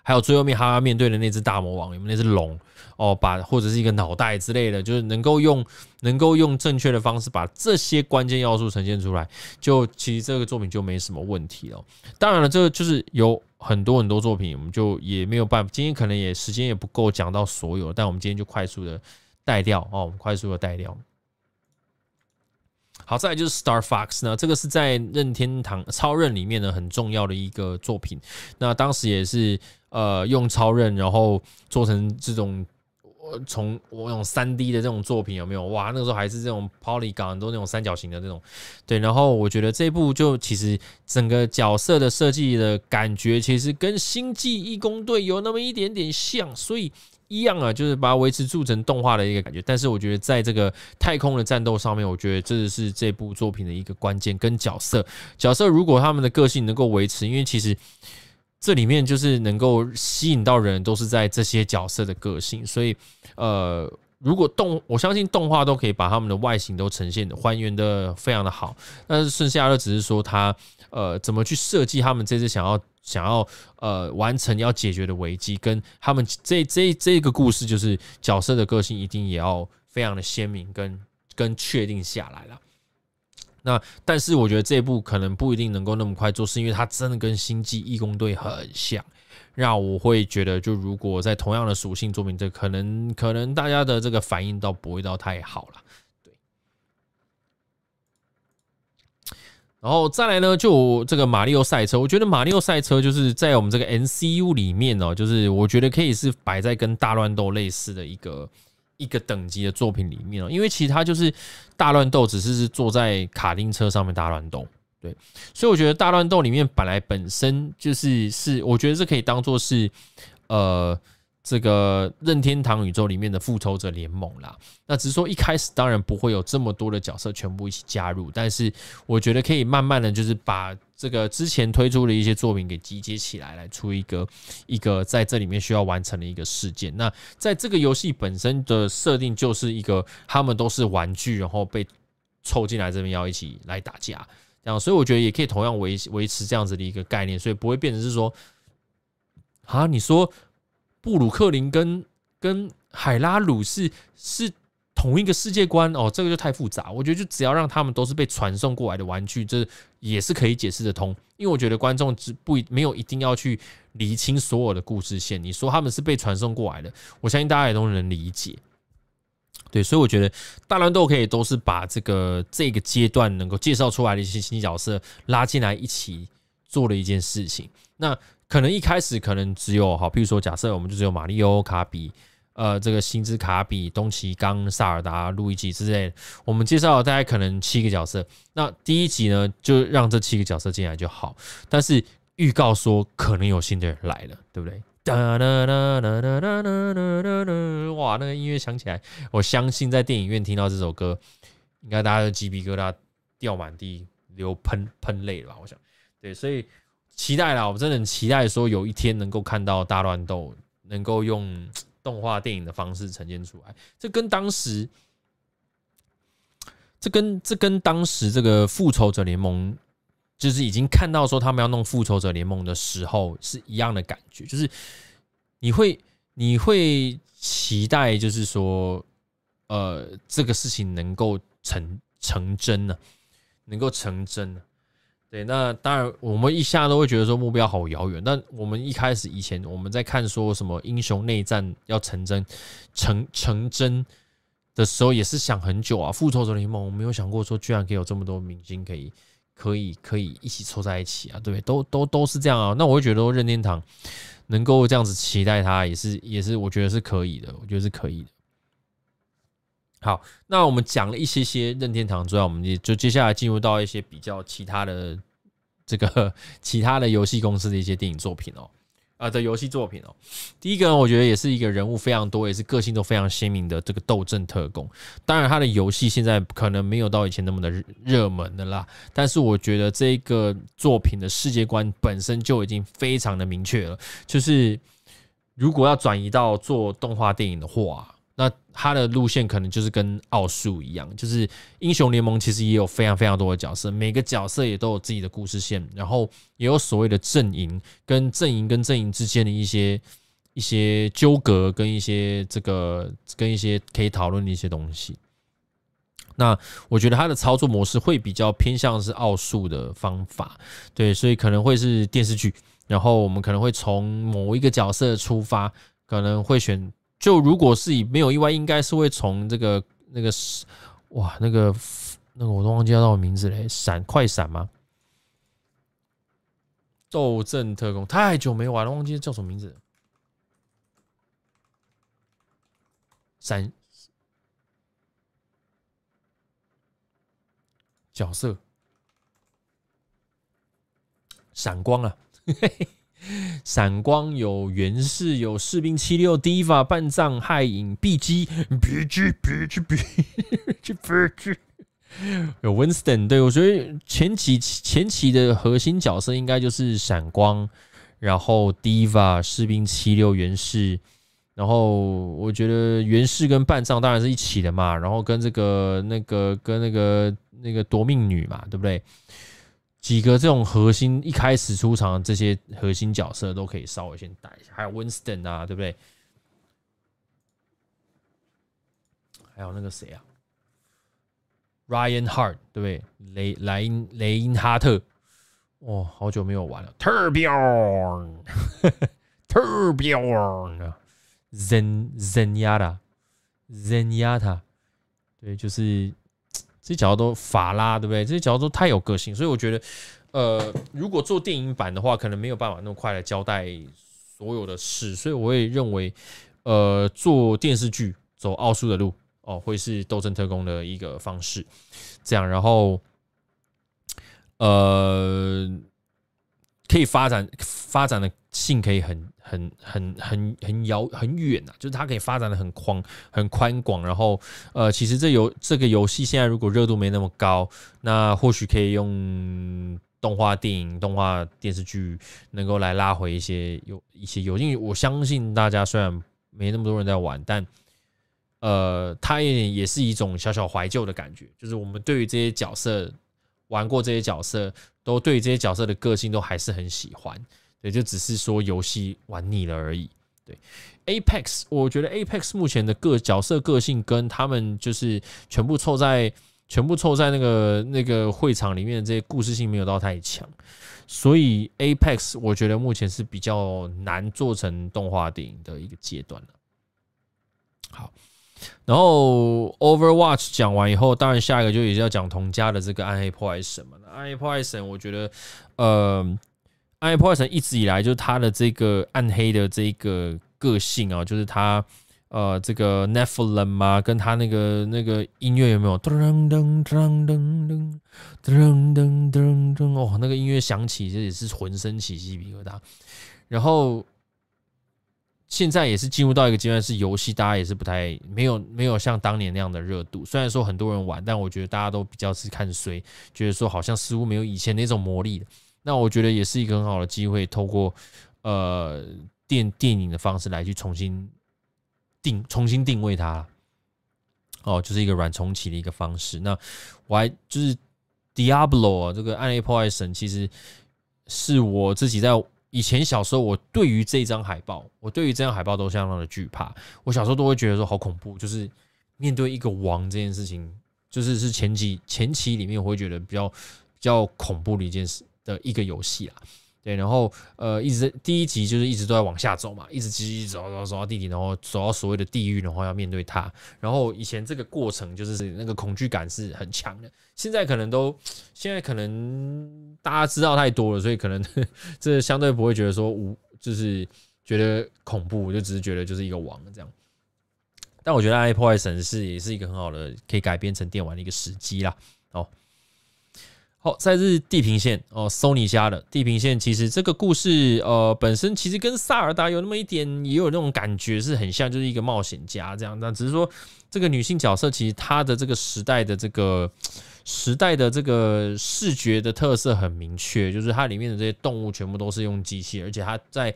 還有最後面他要面對的那隻大魔王，有沒有那隻龍哦，把或者是一個腦袋之類的，就是能夠用能夠用正確的方式把這些關鍵要素呈現出來，就其實這個作品就沒什麼問題了。當然了，這個就是有很多很多作品，我們就也沒有辦法，今天可能也時間也不夠講到所有，但我們今天就快速的帶掉哦，我們快速的帶掉。好，再來就是《Star Fox》呢，這個是在任天堂《超任》裡面呢很重要的一個作品。那當時也是呃用超任，然後做成這種從我用 3D 的這種作品有沒有？哇，那個時候還是這種 Polygon 都那種三角形的那種。對，然後我覺得這部就其實整個角色的設計的感覺，其實跟《星際異攻隊》有那麼一點點像，所以。一樣啊，就是把它維持住成動畫的一個感覺。但是我覺得，在這個太空的戰鬥上面，我覺得這是這部作品的一個關鍵跟角色。角色如果他們的個性能夠維持，因為其實這裡面就是能夠吸引到人，都是在這些角色的個性。所以，呃，如果動我相信動畫都可以把他們的外形都呈現得還原的非常的好。但是剩下的只是說，他呃，怎麼去設計他們這次想要。想要呃完成要解決的危機，跟他們這這這個故事，就是角色的個性一定也要非常的鮮明跟跟確定下來了。那但是我覺得這一部可能不一定能夠那麼快做，是因為它真的跟《星際異攻隊》很像，讓我會覺得就如果在同樣的屬性作品，這可能可能大家的這個反應倒不會到太好了。然後再來呢，就這個馬里奧賽車，我覺得馬里奧賽車就是在我們這個 NCU 裡面哦，就是我覺得可以是擺在跟大亂鬥類似的一個一個等級的作品裡面哦，因為其他就是大亂鬥只是是坐在卡丁車上面大亂鬥，對，所以我覺得大亂鬥裡面本來本身就是是，我覺得這可以當做是呃。這個任天堂宇宙裡面的復仇者聯盟啦，那只是說一開始當然不會有這麼多的角色全部一起加入，但是我覺得可以慢慢的就是把這個之前推出的一些作品給集結起來，來出一個一個在這裡面需要完成的一個事件。那在這個遊戲本身的設定就是一個他們都是玩具，然後被湊進來這邊要一起來打架，然後所以我覺得也可以同樣維維持這樣子的一個概念，所以不會變成是說，啊，你說。布魯克林跟跟海拉魯是是同一個世界觀哦，這個就太複雜。我覺得就只要讓他們都是被傳送過來的玩具，這也是可以解釋得通。因為我覺得觀眾只不沒有一定要去理清所有的故事線。你說他們是被傳送過來的，我相信大家也都能理解。對，所以我覺得大亂鬥可以都是把這個這個階段能夠介紹出來的一些新角色拉進來一起做了一件事情。那可能一開始可能只有好，譬如說，假設我們就只有瑪利歐、卡比、呃，這個星之卡比、東奇剛、薩爾達、路易吉之類，我們介紹大概可能七個角色。那第一集呢，就讓這七個角色進來就好。但是預告說可能有新的人來了，對不對？哇，那個音樂響起來，我相信在電影院聽到這首歌，應該大家的雞皮疙瘩掉滿地，流噴噴淚了吧？我想，對，所以。期待啦，我真的很期待說有一天能夠看到大亂鬥能夠用動畫電影的方式呈現出來。這跟當時，這跟這跟當時這個復仇者聯盟，就是已經看到說他們要弄復仇者聯盟的時候是一樣的感覺，就是你會你會期待，就是說呃，這個事情能夠成成真呢，能夠成真呢。對，那當然，我們一下都會覺得說目標好遙遠。但我們一開始以前我們在看說什麼英雄內戰要成真，成成真的時候也是想很久啊。復仇者聯盟，我沒有想過說居然可以有這麼多明星可以可以可以一起湊在一起啊，對不對？都都都是這樣啊。那我會覺得任天堂能夠這樣子期待它，也是也是，我覺得是可以的，我覺得是可以的。好，那我們講了一些些任天堂之外，我們也就接下來進入到一些比較其他的這個其他的遊戲公司的一些電影作品哦，啊的遊戲作品哦、喔。第一個呢，我覺得也是一個人物非常多，也是個性都非常鮮明的這個鬥陣特工。當然，他的遊戲現在可能沒有到以前那麼的熱門的啦，但是我覺得這個作品的世界觀本身就已經非常的明確了，就是如果要轉移到做動畫電影的話。那他的路線可能就是跟奧術一樣，就是英雄聯盟其實也有非常非常多的角色，每個角色也都有自己的故事線，然後也有所謂的陣營，跟陣營跟陣營之間的一些一些糾葛，跟一些這個跟一些可以討論的一些東西。那我覺得它的操作模式會比較偏向是奧術的方法，對，所以可能會是電視劇，然後我們可能會從某一個角色出發，可能會選。就如果是以沒有意外，應該是會從這個那個哇，那個那個我都忘記叫什麼名字嘞，閃快閃嗎？鬥陣特攻太久沒玩了，忘記叫什麼名字。閃角色，閃光啊！嘿嘿閃光，有源氏、有士兵七六、Diva、半藏、駭影 B G B G B G B G B G 有 Winston，對，我覺得前期前期的核心角色應該就是閃光，然後 Diva、士兵七六、源氏，然後我覺得源氏跟半藏當然是一起的嘛，然後跟這個那個跟那個那個奪命女嘛，對不對？幾個這種核心一開始出場這些核心角色都可以稍微先帶一下，還有 Winston 啊，對不對？還有那個誰啊，Ryan Hart 對不對？雷雷，雷因雷因哈特，哦，好久沒有玩了。Torbjörn，Torbjörn Zen Zenyatta Zenyatta 對，就是。這些角色都法拉，對不對？這些角色都太有個性，所以我覺得，呃，如果做電影版的話，可能沒有辦法那麼快來交代所有的事，所以我會認為，呃，做電視劇走奧數的路哦，會是《鬥爭特工》的一個方式，這樣，然後，呃，可以發展發展的。性可以很很很很很遙很遠吶、啊，就是它可以發展的很寬很寬廣。然後，呃，其實這遊這個遊戲現在如果熱度沒那麼高，那或許可以用動畫、電影、動畫電視劇能夠來拉回一些遊一些遊戲。因為我相信大家雖然沒那麼多人在玩，但呃，它也也是一種小小懷舊的感覺。就是我們對於這些角色玩過這些角色，都對於這些角色的個性都還是很喜歡。所以就只是說遊戲玩膩了而已。對，Apex，我覺得 Apex 目前的個角色個性跟他們就是全部湊在全部湊在那個那個會場裡面的這些故事性沒有到太強，所以 Apex 我覺得目前是比較難做成動畫電影的一個階段。好，然後 Overwatch 講完以後，當然下一個就也是要講同家的這個暗黑破壞神了。暗黑破壞神，我覺得，呃。p 艾普爾神一直以來就是他的這個暗黑的這個個性啊，就是他呃這個 Nephalem 嘛、啊，跟他那個那個音樂有沒有噔噔噔噔噔噔噔噔哦，那個音樂響起，這也是渾身起雞皮疙瘩。然後現在也是進入到一個階段，是遊戲大家也是不太沒有沒有像當年那樣的熱度。雖然說很多人玩，但我覺得大家都比較是看衰，覺得說好像似乎沒有以前那種魔力了。那我覺得也是一個很好的機會，透過呃電電影的方式來去重新定重新定位它，哦，就是一個軟重啟的一個方式。那我還就是《Diablo》啊，這個《暗黑破壞神》其實是我自己在以前小時候，我對於這張海報，我對於這張海報都相當的懼怕。我小時候都會覺得說好恐怖，就是面對一個王這件事情，就是是前期前期裡面我會覺得比較比較恐怖的一件事。的一個遊戲啦，對，然後呃，一直第一集就是一直都在往下走嘛，一直直走走走到地底，然後走到所謂的地獄，然後要面對它。然後以前這個過程就是那個恐懼感是很強的，現在可能都現在可能大家知道太多了，所以可能 這相對不會覺得說無就是覺得恐怖，我就只是覺得就是一個王這樣。但我覺得《暗黑破壞神》是也是一個很好的可以改編成電玩的一個時機啦，哦。好、哦，再次是地平線哦，Sony 家的地平線。其實這個故事，呃，本身其實跟薩爾達有那麼一點，也有那種感覺是很像，就是一個冒險家這樣。那只是說，這個女性角色其實她的這個時代的這個時代的這個視覺的特色很明確，就是它裡面的這些動物全部都是用機器，而且它在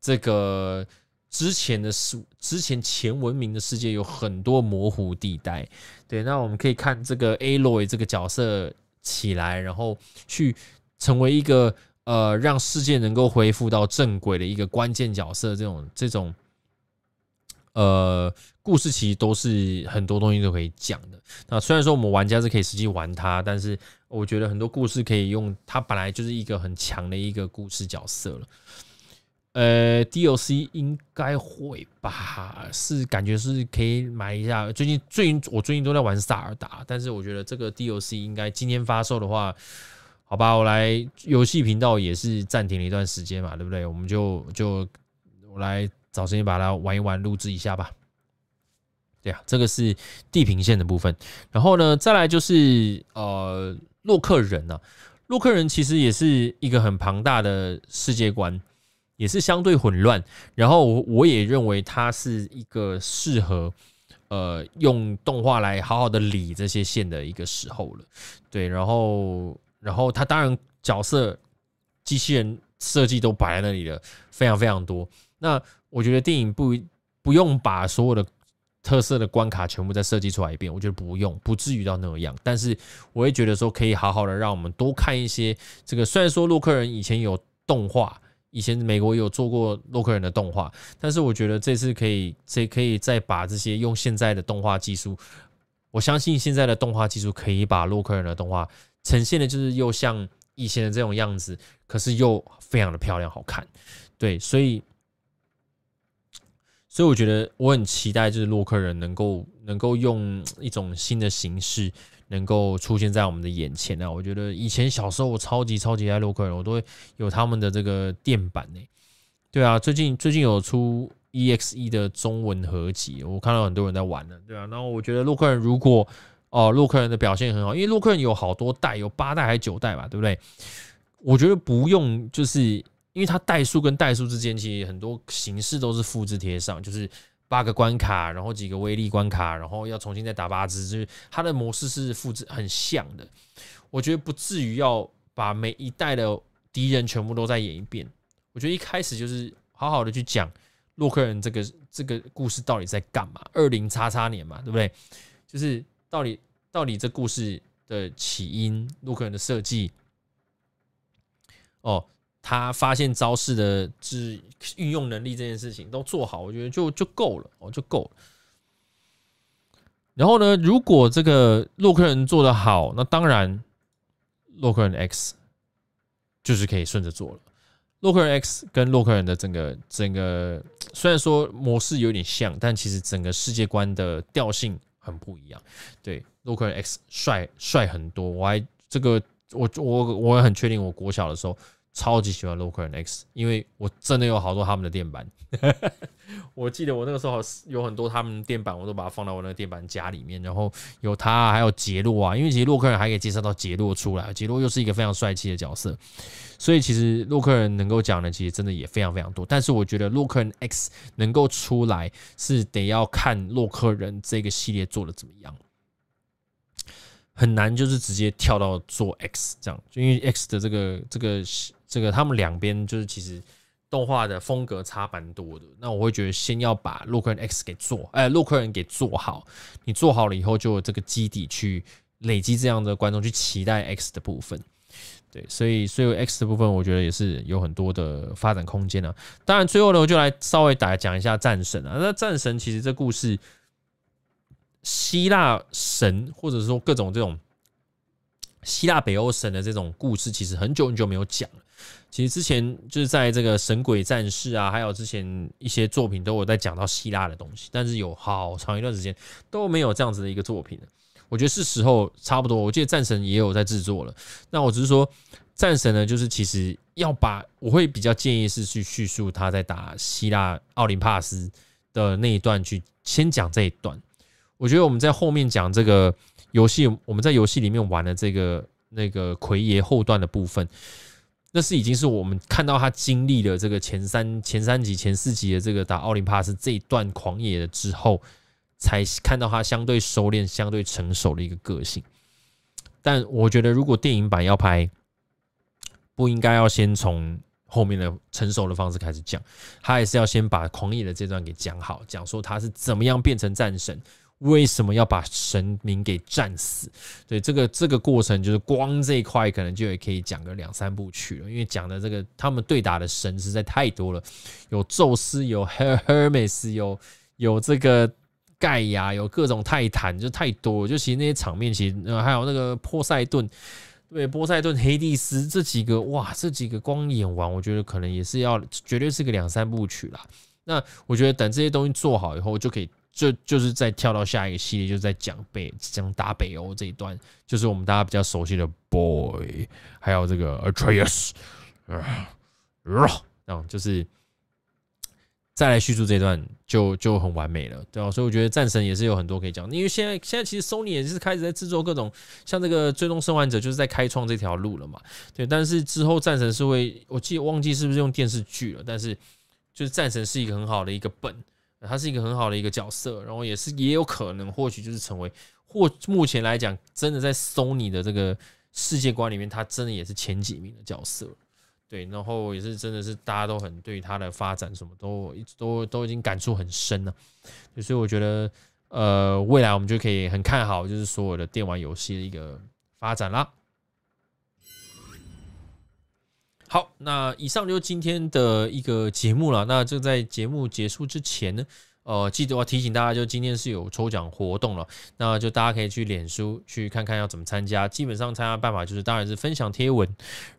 這個之前的世之前前文明的世界有很多模糊地帶。對，那我們可以看這個 Aloy 這個角色。起來，然後去成為一個呃，讓世界能夠恢復到正軌的一個關鍵角色。這種這種呃故事，其實都是很多東西都可以講的。那雖然說我們玩家是可以實際玩它，但是我覺得很多故事可以用它，本來就是一個很強的一個故事角色了。呃，DLC 應該會吧，是感覺是可以買一下。最近最近我最近都在玩薩爾達，但是我覺得這個 DLC 應該今天發售的話，好吧，我來遊戲頻道也是暫停了一段時間嘛，對不對？我們就就我來找時間把它玩一玩，錄制一下吧。對啊，這個是地平線的部分。然後呢，再來就是呃洛克人啊，洛克人其實也是一個很龐大的世界觀。也是相對混亂，然後我我也認為它是一個適合呃用動畫來好好的理這些線的一個時候了，對，然後然後它當然角色、機器人設計都擺在那裡了，非常非常多。那我覺得電影不不用把所有的特色的關卡全部再設計出來一遍，我覺得不用，不至於到那樣。但是我也覺得說可以好好的讓我們多看一些這個，雖然說洛克人以前有動畫。以前美國有做過洛克人的動畫，但是我覺得這次可以，這可以再把這些用現在的動畫技術，我相信現在的動畫技術可以把洛克人的動畫呈現的，就是又像以前的這種樣子，可是又非常的漂亮好看。對，所以，所以我覺得我很期待，就是洛克人能夠能夠用一種新的形式。能夠出現在我們的眼前呢、啊？我覺得以前小時候我超級超級愛洛克人，我都會有他們的這個墊板呢。對啊，最近最近有出 EXE 的中文合集，我看到很多人在玩了。對啊，然後我覺得洛克人如果哦，洛克人的表現很好，因為洛克人有好多代，有八代還是九代吧，對不對？我覺得不用，就是因為它代數跟代數之間，其實很多形式都是複製貼上，就是。八個關卡，然後幾個威力關卡，然後要重新再打八隻，就是他的模式是複製很像的。我覺得不至於要把每一代的敵人全部都再演一遍。我覺得一開始就是好好的去講洛克人這個這個故事到底在幹嘛，二零叉叉年嘛，對不對？就是到底到底這故事的起因，洛克人的設計，哦，他發現招式的是。運用能力這件事情都做好，我覺得就就夠了哦，就夠了。然後呢，如果這個洛克人做得好，那當然洛克人 X 就是可以順着做了。洛克人 X 跟洛克人的整個整個雖然說模式有點像，但其實整個世界觀的調性很不一樣。對，洛克人 X 帥帥很多，我還這個我我我也很確定，我國小的時候。超級喜歡洛克人 X，因為我真的有好多他們的電板。 我記得我那個時候有很多他們的電板，我都把它放到我那個電板夾裡面。然後有他，還有傑洛啊。因為其實洛克人還可以介紹到傑洛出來，傑洛又是一個非常帥氣的角色。所以其實洛克人能夠講的，其實真的也非常非常多。但是我覺得洛克人 X 能夠出來，是得要看洛克人這個系列做的怎麼樣。很難就是直接跳到做 X 這樣，就因為 X 的這個這個。這個他們兩邊就是其實動畫的風格差蠻多的，那我會覺得先要把洛克人 X 給做，哎，洛克人給做好，你做好了以後，就有這個基底去累積這樣的觀眾去期待 X 的部分，對，所以所以 X 的部分我覺得也是有很多的發展空間啊。當然最後呢，我就來稍微打講一下戰神啊，那戰神其實這故事希臘神或者說各種這種。希臘北歐神的這種故事，其實很久很久沒有講了。其實之前就是在這個《神鬼戰士》啊，還有之前一些作品都有在講到希臘的東西，但是有好長一段時間都沒有這樣子的一個作品了。我覺得是時候差不多，我記得戰神也有在制作了。那我只是說，戰神呢，就是其實要把我會比較建議是去敘述他在打希臘奧林帕斯的那一段去先講這一段。我覺得我們在後面講這個。遊戲，我們在遊戲裡面玩的這個那個奎爺後段的部分，那是已經是我們看到他經歷了這個前三前三集前四集的這個打奧林帕斯這一段狂野的之後，才看到他相對收斂、相對成熟的一個個性。但我覺得，如果電影版要拍，不應該要先從後面的成熟的方式開始講，他還是要先把狂野的這段給講好，講說他是怎麼樣變成戰神。為什麼要把神明給戰死？對，這個這個過程，就是光這一塊，可能就也可以講個兩三部曲了。因為講的這個他們對打的神實在太多了，有宙斯，有 Hermes 有有這個蓋亞，有各種泰坦，就太多，就其實那些場面，其實還有那個波塞頓，對，波塞頓、黑帝斯這幾個，哇，這幾個光演完，我覺得可能也是要絕對是個兩三部曲啦。那我覺得等這些東西做好以後，就可以。就就是再跳到下一個系列，就在講北講大北歐這一段，就是我們大家比較熟悉的 Boy，還有這個 Atreus，啊，然後就是再來敘述這一段就就很完美了，對吧？所以我覺得戰神也是有很多可以講，因為現在現在其實 Sony 也是開始在制作各種像這個《最終生還者》，就是在開創這條路了嘛，對。但是之後戰神是會，我記得忘記是不是用電視劇了，但是就是戰神是一個很好的一個本。他是一個很好的一個角色，然後也是也有可能，或許就是成為或目前來講，真的在 Sony 的這個世界觀裡面，他真的也是前幾名的角色，對，然後也是真的是大家都很對他的發展什麼都都都已經感觸很深了，所以我覺得呃，未來我們就可以很看好就是所有的電玩遊戲的一個發展啦。好，那以上就是今天的一個節目了。那就在節目結束之前呢，呃，記得我要提醒大家，就今天是有抽獎活動了。那就大家可以去臉書去看看要怎麼參加。基本上參加的辦法就是，當然是分享貼文，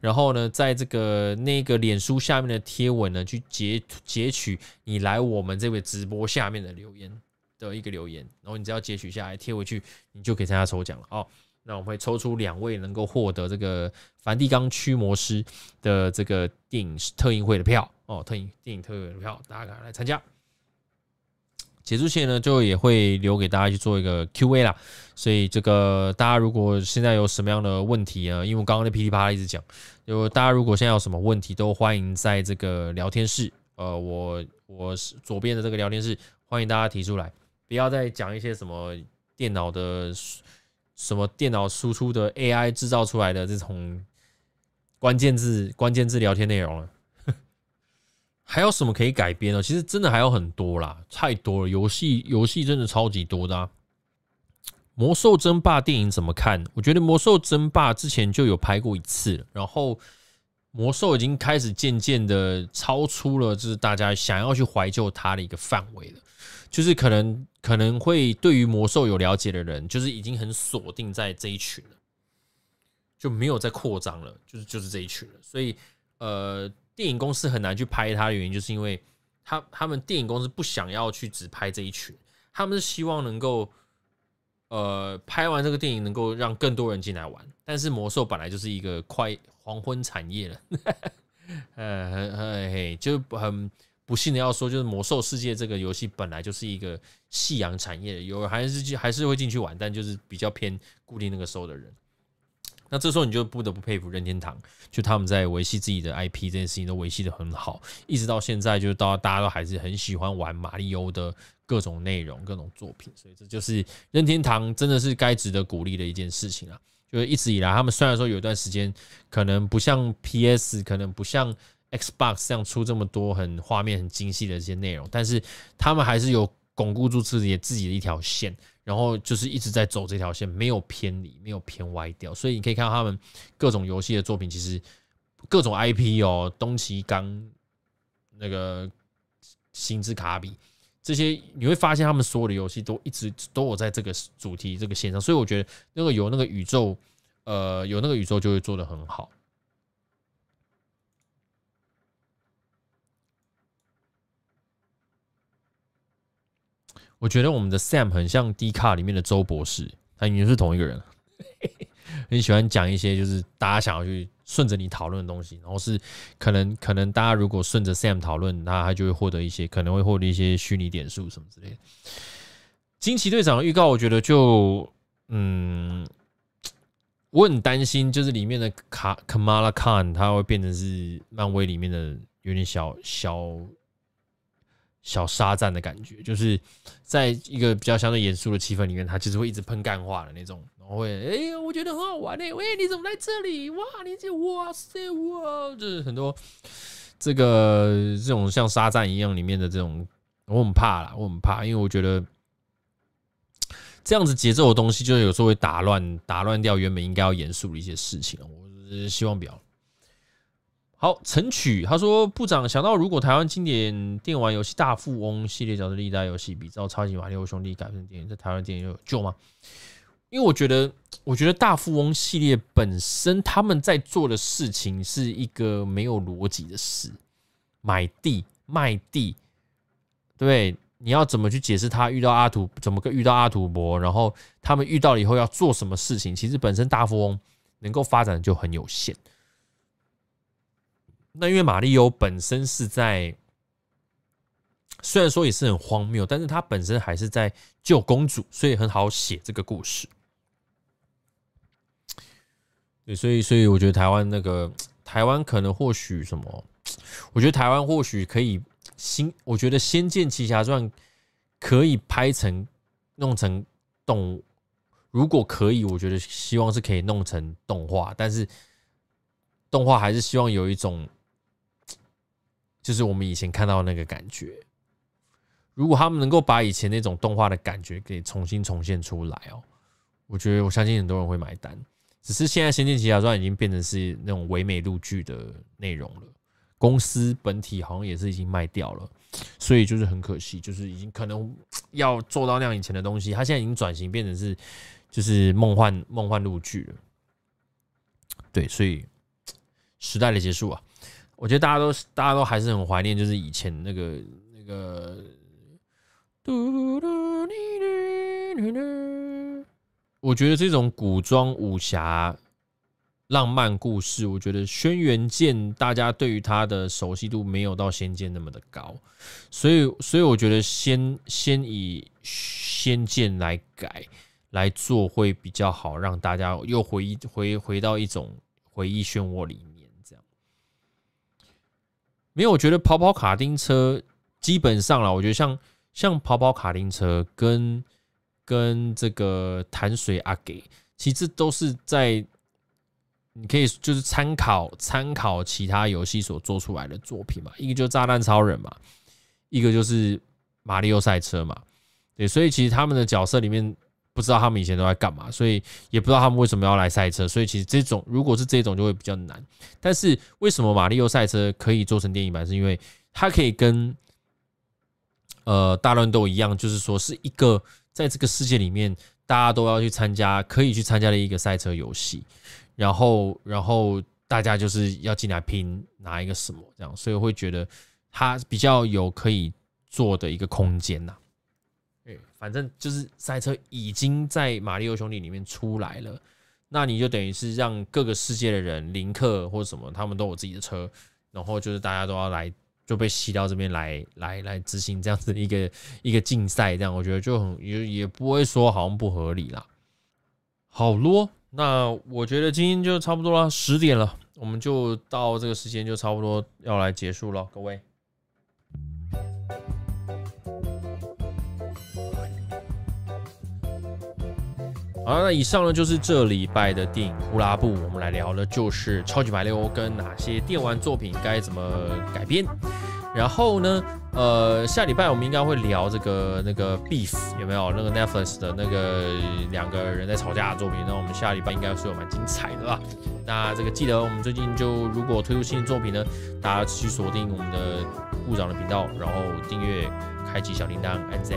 然後呢，在這個那個臉書下面的貼文呢，去截截取你來我們這位直播下面的留言的一個留言，然後你只要截取下來貼回去，你就可以參加抽獎了哦。那我們會抽出兩位能夠獲得這個《梵蒂岡驅魔士》的這個電影特映會的票哦，特影電影特映會的票，大家趕快來參加。結束前呢，就也會留給大家去做一個 Q&A 啦。所以這個大家如果現在有什麼樣的問題啊，因為我剛剛那噼里啪啦一直講，就大家如果現在有什麼問題，都歡迎在這個聊天室，呃，我我是左邊的這個聊天室，歡迎大家提出來，不要再講一些什麼電腦的。什麼電腦輸出的 AI 製造出來的這種關鍵字、關鍵字聊天內容了、啊？ 還有什麼可以改編的、喔？其實真的還有很多啦，太多了。遊戲遊戲真的超級多的、啊。魔獸爭霸電影怎麼看？我覺得魔獸爭霸之前就有拍過一次，然後魔獸已經開始漸漸的超出了，就是大家想要去懷舊它的一個範圍了。就是可能可能會對於魔獸有了解的人，就是已經很鎖定在這一群了，就沒有再擴張了，就是就是這一群了。所以，呃，電影公司很難去拍它的原因，就是因為他他們電影公司不想要去只拍這一群，他們是希望能夠，呃，拍完這個電影能夠讓更多人進來玩。但是魔獸本來就是一個快黃昏產業了， 呃，很很嘿，就很。不幸的要說，就是《魔獸世界》這個遊戲本來就是一個夕陽產業的，有還是還是會進去玩，但就是比較偏固定那個時候的人。那這時候你就不得不佩服任天堂，就他們在維繫自己的 IP 這件事情都維繫得很好，一直到現在，就是到大家都還是很喜歡玩瑪利歐的各種內容、各種作品，所以這就是任天堂真的是該值得鼓勵的一件事情啊！就是一直以來，他們雖然說有一段時間可能不像 PS，可能不像。Xbox 上出這麼多很畫面很精細的這些內容，但是他們還是有鞏固住自己自己的一條線，然後就是一直在走這條線，沒有偏離，沒有偏歪掉。所以你可以看到他們各種遊戲的作品，其實各種 IP 哦，咚奇剛、那個星之卡比這些，你會發現他們所有的遊戲都一直都有在這個主題、這個線上。所以我覺得那個有那個宇宙，呃，有那個宇宙就會做得很好。我覺得我們的 Sam 很像 D 卡裡面的周博士，他已經是同一個人了。很喜歡講一些就是大家想要去順着你討論的東西，然後是可能可能大家如果順着 Sam 討論，那他就會獲得一些可能會獲得一些虛擬點數什麼之類的。驚奇隊長的預告，我覺得就嗯，我很擔心就是裡面的卡卡瑪拉卡，他會變成是漫威裡面的有點小小，小沙贊的感覺，就是在一個比較相對嚴肅的氣氛裡面，他其實會一直噴幹話的那種，然後會哎、欸，我覺得很好玩呢、欸，喂、欸，你怎麼在這裡？哇，你這哇塞哇，就是很多這個這種像沙贊一樣裡面的這種，我很怕啦，我很怕，因為我覺得這樣子節奏的東西，就有時候會打亂打亂掉原本應該要嚴肅的一些事情，我希望不要。好，陳曲他說，部長想到如果台灣經典電玩遊戲《大富翁》系列叫做《歷代遊戲》，比照《超級馬里奧兄弟》改編電影，在台灣電影有救嗎？因為我覺得，我覺得《大富翁》系列本身他們在做的事情是一個沒有邏輯的事，買地賣地，對，你要怎麼去解釋他遇到阿土怎麼個遇到阿土伯，然後他們遇到了以後要做什麼事情？其實本身《大富翁》能夠發展就很有限。那因為瑪利歐本身是在，雖然說也是很荒謬，但是他本身還是在救公主，所以很好寫這個故事。對，所以所以我覺得台灣那個台灣可能或許什麼，我覺得台灣或許可以新，我覺得《仙劍奇俠傳》可以拍成弄成動物，如果可以，我覺得希望是可以弄成動畫，但是動畫還是希望有一種。就是我們以前看到的那個感覺，如果他們能夠把以前那種動畫的感覺給重新重現出來哦，我覺得我相信很多人會買單。只是現在《仙劍奇俠傳》已經變成是那種唯美陸劇的內容了，公司本體好像也是已經賣掉了，所以就是很可惜，就是已經可能要做到那樣以前的東西，它現在已經轉型變成是就是夢幻夢幻陸劇了。對，所以時代的結束啊。我覺得大家都大家都還是很懷念，就是以前那個那個。嘟嘟嘟嘟嘟嘟。我覺得這種古裝武俠浪漫故事，我覺得《軒轅劍》大家對於它的熟悉度沒有到《仙劍》那麼的高，所以，所以我覺得先先以《仙劍》來改來做會比較好，讓大家又回憶回回到一種回憶漩渦裡面。沒有，我覺得跑跑卡丁車基本上啦，我覺得像像跑跑卡丁車跟跟這個彈水阿給，其實這都是在你可以就是參考參考其他遊戲所做出來的作品嘛，一個就是炸彈超人嘛，一個就是馬里奧賽車嘛，對，所以其實他們的角色裡面。不知道他們以前都在幹嘛，所以也不知道他們為什麼要來賽車。所以其實這種如果是這種就會比較難。但是為什麼《馬力歐賽車》可以做成電影版，是因為它可以跟呃《大亂鬥》一樣，就是說是一個在這個世界裡面大家都要去參加，可以去參加的一個賽車遊戲。然後，然後大家就是要進來拼拿一個什麼這樣，所以我會覺得它比較有可以做的一個空間吶。反正就是賽車已經在《瑪利歐兄弟》裡面出來了，那你就等於是讓各個世界的人林克或什麼，他們都有自己的車，然後就是大家都要來就被吸到這邊來，來來執行這樣子一個一個競賽，這樣我覺得就很也也不會說好像不合理啦。好咯，那我覺得今天就差不多了，十點了，我們就到這個時間就差不多要來結束了，各位。好，那以上呢，就是這禮拜的電影酷拉部，我們來聊的就是超級瑪利歐跟哪些電玩作品該怎麼改編。然後呢，呃，下禮拜我們應該會聊這個那個 Beef 有沒有那個 Netflix 的那個兩個人在吵架的作品，那我們下禮拜應該是有蠻精彩的吧？那這個記得我們最近就如果推出新的作品呢，大家持續鎖定我們的部長的頻道，然後訂閱，開啟小鈴鐺，按讚。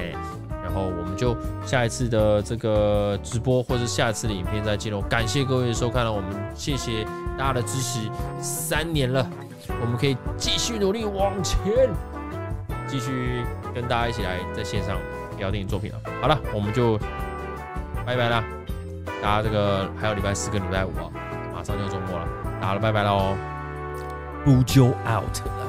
然後我們就下一次的這個直播，或者是下一次的影片再記錄。感謝各位的收看了，啊，我們謝謝大家的支持，三年了，我們可以繼續努力往前，繼續跟大家一起來在線上聊電影作品了，啊。好了，我們就拜拜了，大家這個還有禮拜四、跟禮拜五，啊，馬上就周末了，大家拜拜了哦，不就 out。